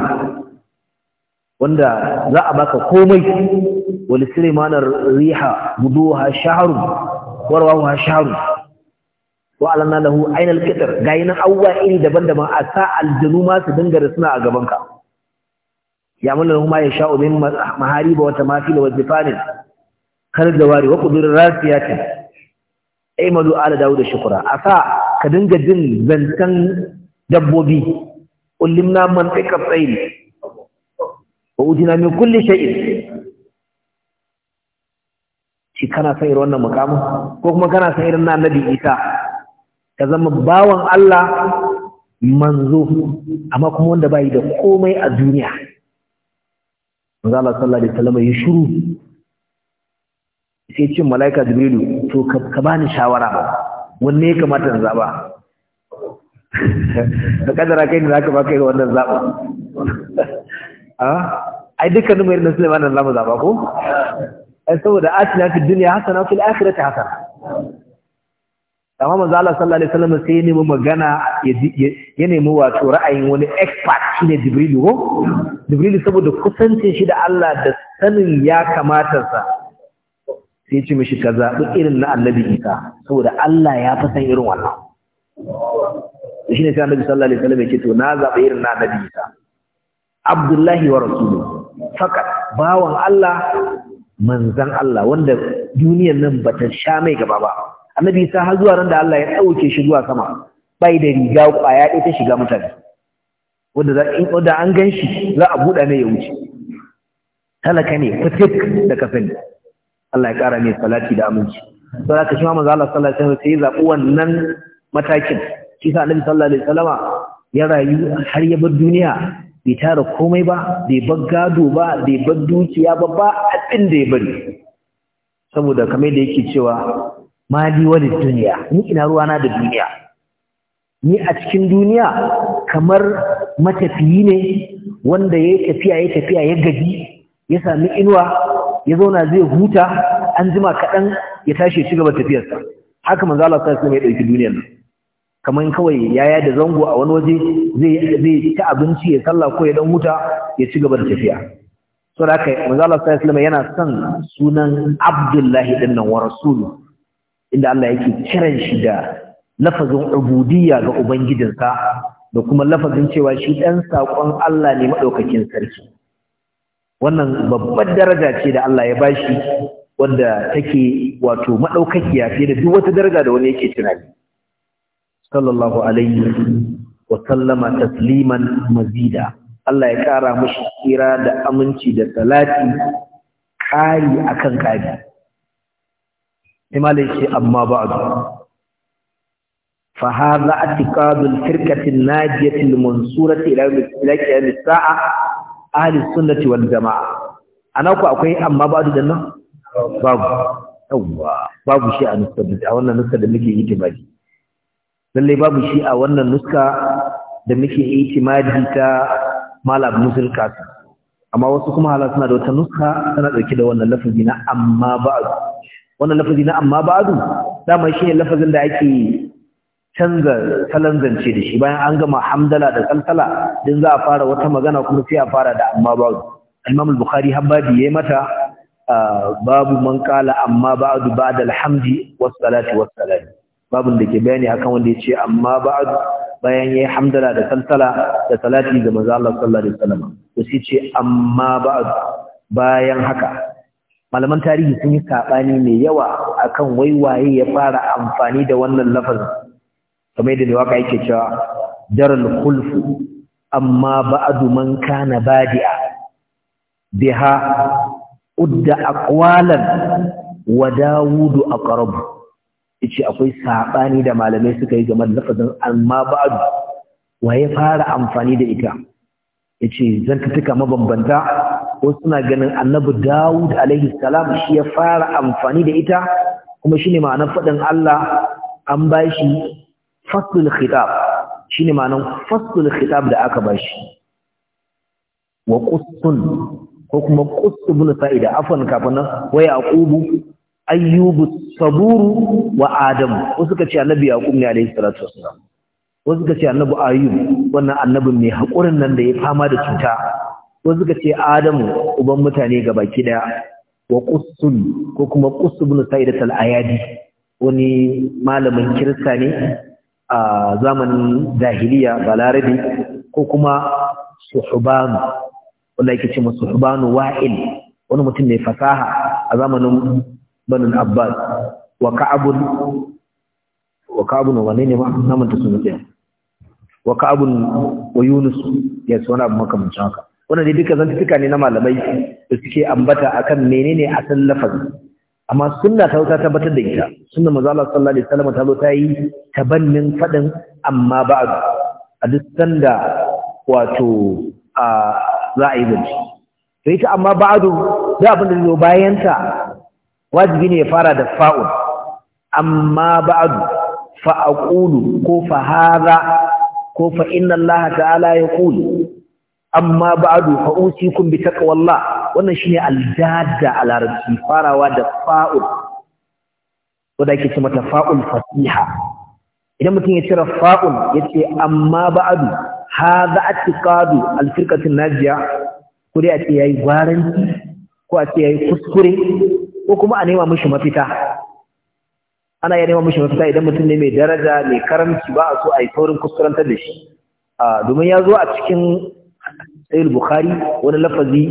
wanda za a baka komai wani Sulaiman riha buduha shaharu ha shaharu wa alanna lahu ainal qitr yi nan awwa iri daban-daban a sa aljanu ma su dinga da suna a gaban ka ya mullahu ma sha'u min mahariba wa tamafil wa zifanin kar da wari wa kudur rasiyatin madu ala shukura. shukra asa ka dinga jin zantan dabbobi ullimna man fika tsayi wa utina min kulli sha'in. shi kana san irin wannan mukamin ko kuma kana san irin na nabi isa ka zama bawan Allah manzo amma kuma wanda bai da komai a duniya Allah sallallahu alaihi wasallam ya shiru sai cin malaika jibrilu to ka bani shawara ba wanne ya kamata in zaba [laughs] da kadara kai ne za ka baka yi wannan zaba [laughs] ah, ai dukkanin numar irin Sulaiman nan zamu zaba ko ai saboda atina fi na hasana fil akhirati ta amma manzo Allah sallallahu alaihi wasallam sai ya nemi magana ya nemi wato ra'ayin wani expert shine Jibril ko Jibril saboda kusancin shi da Allah da sanin ya kamata sa sai ce mishi ka zaɓi irin na annabi isa saboda Allah ya fi san irin wannan shi ne sai annabi sallallahu alaihi wasallam ya ce to na zaɓi irin na annabi isa abdullahi wa rasulu fakat bawan Allah manzan Allah wanda duniyar nan ba ta sha mai gaba ba annabi isa har zuwa ran da Allah ya ɗauke shi zuwa sama bai da riga kwaya ɗaya ta shiga mutane wanda an gan shi za a buɗa ne ya wuce talaka ne fitik da kafin Allah ya kara mai salati da aminci da aka shi mamaza Allah sallallahu alaihi wasallam sai zaɓi wannan matakin shi sa Annabi sallallahu alaihi wasallama ya rayu har ya bar duniya bai tara komai ba bai bar gado ba bai bar dukiya ba ba abin da ya bari saboda kamar da yake cewa mali wani duniya ni ina ruwa na da duniya ni a cikin duniya kamar matafiyi ne wanda ya tafiya ya tafiya ya gaji ya sami inuwa ya zauna zai huta an jima kaɗan ya tashi ci gaba tafiyarsa haka manzo Allah sai ya ɗauki duniyar nan kamar kawai yaya da zango a wani waje zai zai ci abinci ya sallah ko ya dan huta ya ci gaba da tafiya so da haka manzo Allah sai ya yana son sunan Abdullahi ibn wa rasulu inda Allah yake kiran shi da lafazin ubudiyya ga ubangijinsa da kuma lafazin cewa shi dan sakon Allah ne madaukakin sarki wannan babbar daraja ce da Allah ya bashi wanda take wato madaukakiya fiye da duk wata daraja da wani yake tunani sallallahu alaihi wa sallama tasliman mazida Allah ya kara mushi kira da aminci da salati kari akan kari imalai ce amma ba'du fa hadha i'tiqadul firqatin najiyatil mansurati ila ila qiyam as-sa'a ahli sunnati wal jama'a ana ku akwai amma ba da nan babu yawa babu shi a nuska a wannan nuska da muke itimadi lalle babu shi a wannan nuska da muke itimadi ta malab musul kasu amma wasu kuma hala suna da wata nuska tana dauke da wannan lafazi na amma ba'du wannan lafazi na amma ba'du dama shi ne lafazin da ake canza salon zance da shi bayan an gama hamdala da salsala din za a fara wata magana kuma sai a fara da amma ba Imam al-Bukhari habbadi yayi mata babu man qala amma ba'du ba'da alhamdi was salati was salam babun da ke bayani akan wanda yace amma ba'du bayan yayi hamdala da salsala da salati ga manzo Allah sallallahu alaihi wasallam to sai ce amma ba'du bayan haka malaman tarihi sun yi sabani mai yawa akan waiwaye ya fara amfani da wannan lafazin kamar yadda waka yake cewa daral khulfu amma ba'du man kana badi'a biha udda aqwalan wa daud aqrab yace akwai sabani da malamai suka yi game da lafazin amma ba'du wa ya fara amfani da ita yace tuka mabambanta ko suna ganin annabi Dawud alaihi salam shi ya fara amfani da ita kuma shine ma'anar fadin Allah an bashi fasul khitab shine ma'anar fasul khitab da aka bashi wa qussun ko kuma quss ibn sa'ida afwan kafin nan wa yaqubu ayyubu saburu wa adam wasu kace annabi yaqub ne alaihi salatu wassalam wasu kace annabi ayyub wannan annabin mai hakurin nan da ya fama da cuta wasu kace adam uban mutane gabaki daya wa qussun ko kuma quss ibn sa'ida al-ayadi wani malamin kirista ne a zamanin jahiliya balarabi ko kuma suhubanu wanda yake ce masu suhubanu wa'il wani mutum mai fasaha a zamanin banin abbas wa ka'abun wa ka'abun wane ne ma namanta sun tsaya wa ka'abun wa yunus ya yes, wani abu makamancin haka wannan dai duka zantuka ne na malamai da suke ambata akan menene asalin lafazi amma sunna ta ta tabbatar da ita sunna manzo Allah sallallahu alaihi wasallam ta zo ta yi tabannin fadin amma ba'd a duk sanda wato a za a yi zance ita amma ba'd da abin da zo bayan ta wajibi ne ya fara da fa'ul amma Ba'adu fa aqulu ko fa hadha ko fa inna Allah ta'ala yaqulu amma ba'du fa usikum bi taqwallah wannan shi ne a larabci farawa da fa'ul wadda ake ce mata fa'ul fasiha idan mutum ya cire fa'ul ya ce amma ba'adu haza atiqadu alfirkatin najiya ko dai a ce ya yi gwaranti ko a ce ya yi kuskure ko kuma a nema mashi mafita ana iya nema mashi mafita idan mutum ne mai daraja mai karanci ba a so a yi saurin kuskurantar da shi ah, domin ya zo a cikin sayil bukhari wani lafazi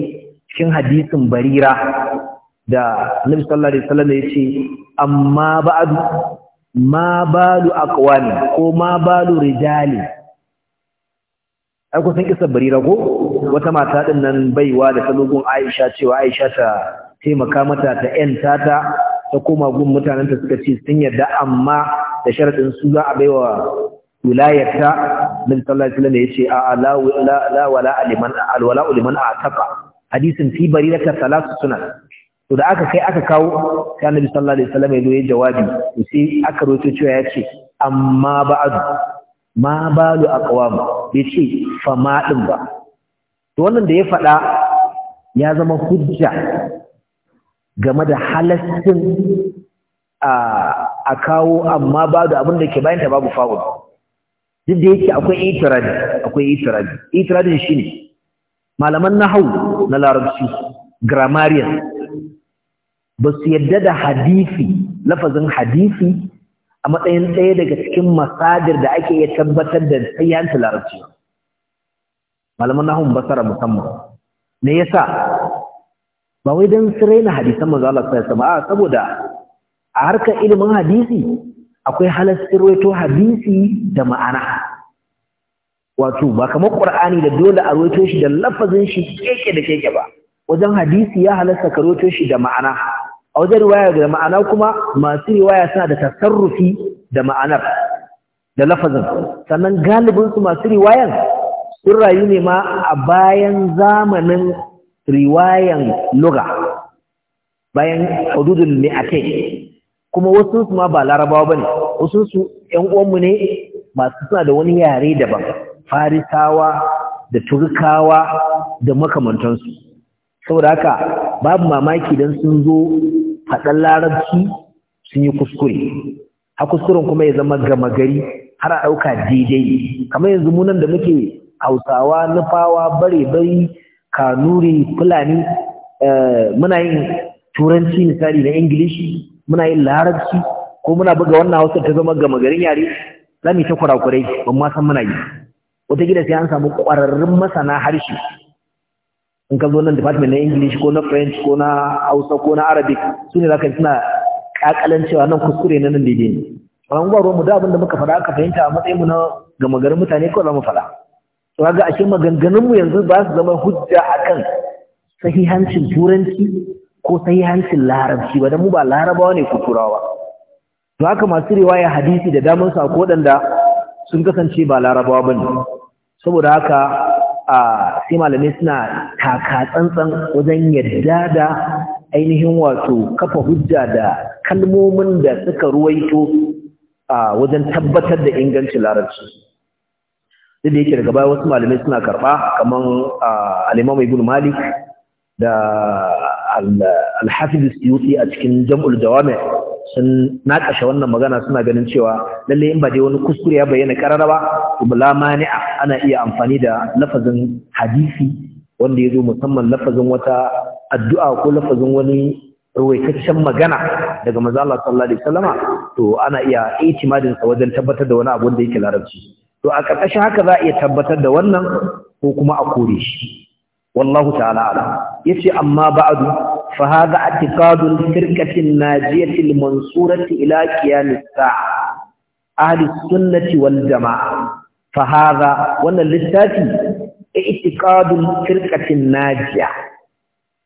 cikin hadisin barira da nabi sallallahu alaihi wasallam ce, amma ba'du ma balu aqwami ko ma balu rijali ai ku san kisa barira ko wata mata din nan baiwa da talugun Aisha cewa Aisha ta taimaka mata ta yanta ta ta koma gun mutanen ta suka ce sun yarda amma da sharadin su za a baiwa wilayarta nabi sallallahu alaihi wasallam ce a la wala liman alwala liman ataqa hadisin fi barilaka salatu suna to da aka kai aka kawo sai annabi sallallahu alaihi wasallam ya zo ya jawabi to sai aka roto cewa ya ce amma ba'adu, ma balu aqwam ya ce fa ma din ba to wannan da ya faɗa ya zama hujja game da halastin a kawo amma babu abin da ke bayanta babu fa'ul duk da yake akwai itirad akwai itirad shi shine malaman nahau na larabci grammarian ba su yadda da hadisi lafazin hadisi a matsayin ɗaya daga cikin masadir da ake iya tabbatar da sayyanta larabci malaman ba basara musamman me yasa ba wai don su raina hadisan manzo Allah sallallahu alaihi saboda a harkar ilimin hadisi akwai halastin hadisi da ma'ana wato ba kamar qur'ani da dole a roto shi da lafazin shi keke da keke ba wajen hadisi ya halasta ka roto shi da ma'ana a wajen riwaya da ma'ana kuma masu riwaya suna da tasarrufi da ma'anar da lafazin sannan galibin su masu riwayan sun rayu ne ma a bayan zamanin riwayan luga bayan hududul mi'atai kuma wasu su ma ba larabawa bane wasu su ƴan uwanmu ne masu suna da wani yare daban farisawa da turkawa da makamantansu saboda haka babu mamaki don sun zo faɗan larabci sun yi kuskure a kuskuren kuma ya zama gama gari har a ɗauka daidai kamar yanzu munan da muke hausawa nufawa bare bari kanuri fulani eh, muna yin turanci misali na ingilishi muna yin larabci ko muna buga wannan hausa ta zama gama garin yare za mu yi ta kurakurai ban ma san muna yi wata gida sai an samu ƙwararrun masana harshe in ka zo nan department na english ko na french ko na hausa ko na arabic su ne zaka suna ƙaƙalan cewa nan kuskure na nan daidai ne ran ruwan mu da abin muka faɗa aka fahimta a matsayin mu na gama garin mutane ko za mu faɗa to kaga ashe maganganun mu yanzu ba su zama hujja a kan sahihancin turanci ko sahihancin larabci ba dan mu ba larabawa ne ko turawa to haka masu riwaya hadisi da damar sako ko sun kasance ba larabawa ba ne. saboda haka a sai malamai suna taka tsantsan wajen yadda da ainihin wato kafa hujja da kalmomin da suka ruwaito a wajen tabbatar da ingancin larabci duk da yake daga baya wasu malamai suna karɓa kamar al'imam ibn malik da Alhafi hafiz a cikin jam'ul jawami sun nakashe wannan magana suna ganin cewa lalle in ba dai wani kuskure ya bayyana karara ba bala mani'a ana iya amfani da lafazin hadisi wanda yazo musamman lafazin wata addu'a ko lafazin wani ruwaitaccen magana daga manzo Allah sallallahu alaihi wasallama to ana iya itimadin sa wajen tabbatar da wani abu da yake larabci to a ƙarƙashin haka za a iya tabbatar da wannan ko kuma a kore shi wallahu ta'ala ala yace amma ba'du فهذا اعتقاد الفرقة الناجية المنصورة إلى قيام الساعة أهل السنة والجماعة فهذا وانا للتاتي اعتقاد الفرقة الناجية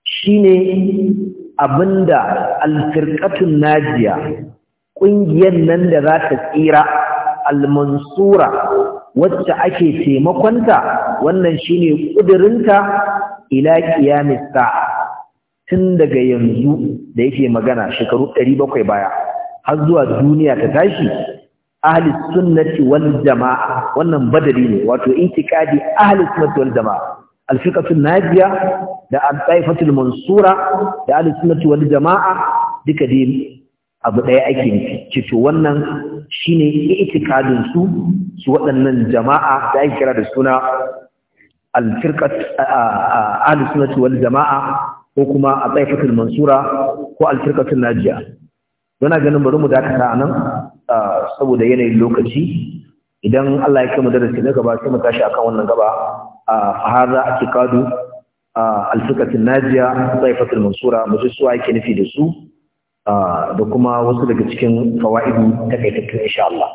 شيني أبند الفرقة الناجية قنجيا نند ذات الإيرة المنصورة واتعكي في مقنطة وانا شيني قدرنت إلى قيام الساعة tun daga yanzu da yake magana shekaru 700 baya har zuwa duniya ta tashi ahli sunnati wal jamaa wannan badali ne wato intikadi ahli sunnati wal jamaa Al-Shirka alfiqatul najiya da al-taifatul mansura da ahli sunnati wal jamaa duka dai abu daya ake nufi cito wannan shine itikadin su su waɗannan jama'a da ake kira da suna al-firqat ahli sunnati wal jamaa ko kuma a tsaifatul mansura ko alfirkatul najiya Muna ganin bari mu dakata anan saboda yanayin lokaci idan Allah ya kama darasi na gaba sai mu tashi akan wannan gaba ake hadha atiqadu alfirkatul najiya tsaifatul mansura mu ji su yake nufi da su da kuma wasu daga cikin fawaidu ta insha Allah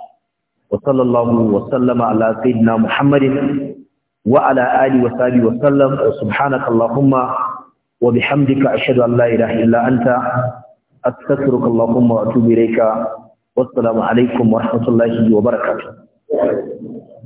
wa sallallahu wa sallama ala sayyidina muhammadin wa ala alihi wa sahbihi wa sallam subhanakallahumma وبحمدك أشهد أن لا إله إلا أنت أستغفرك اللهم وأتوب إليك والسلام عليكم ورحمة الله وبركاته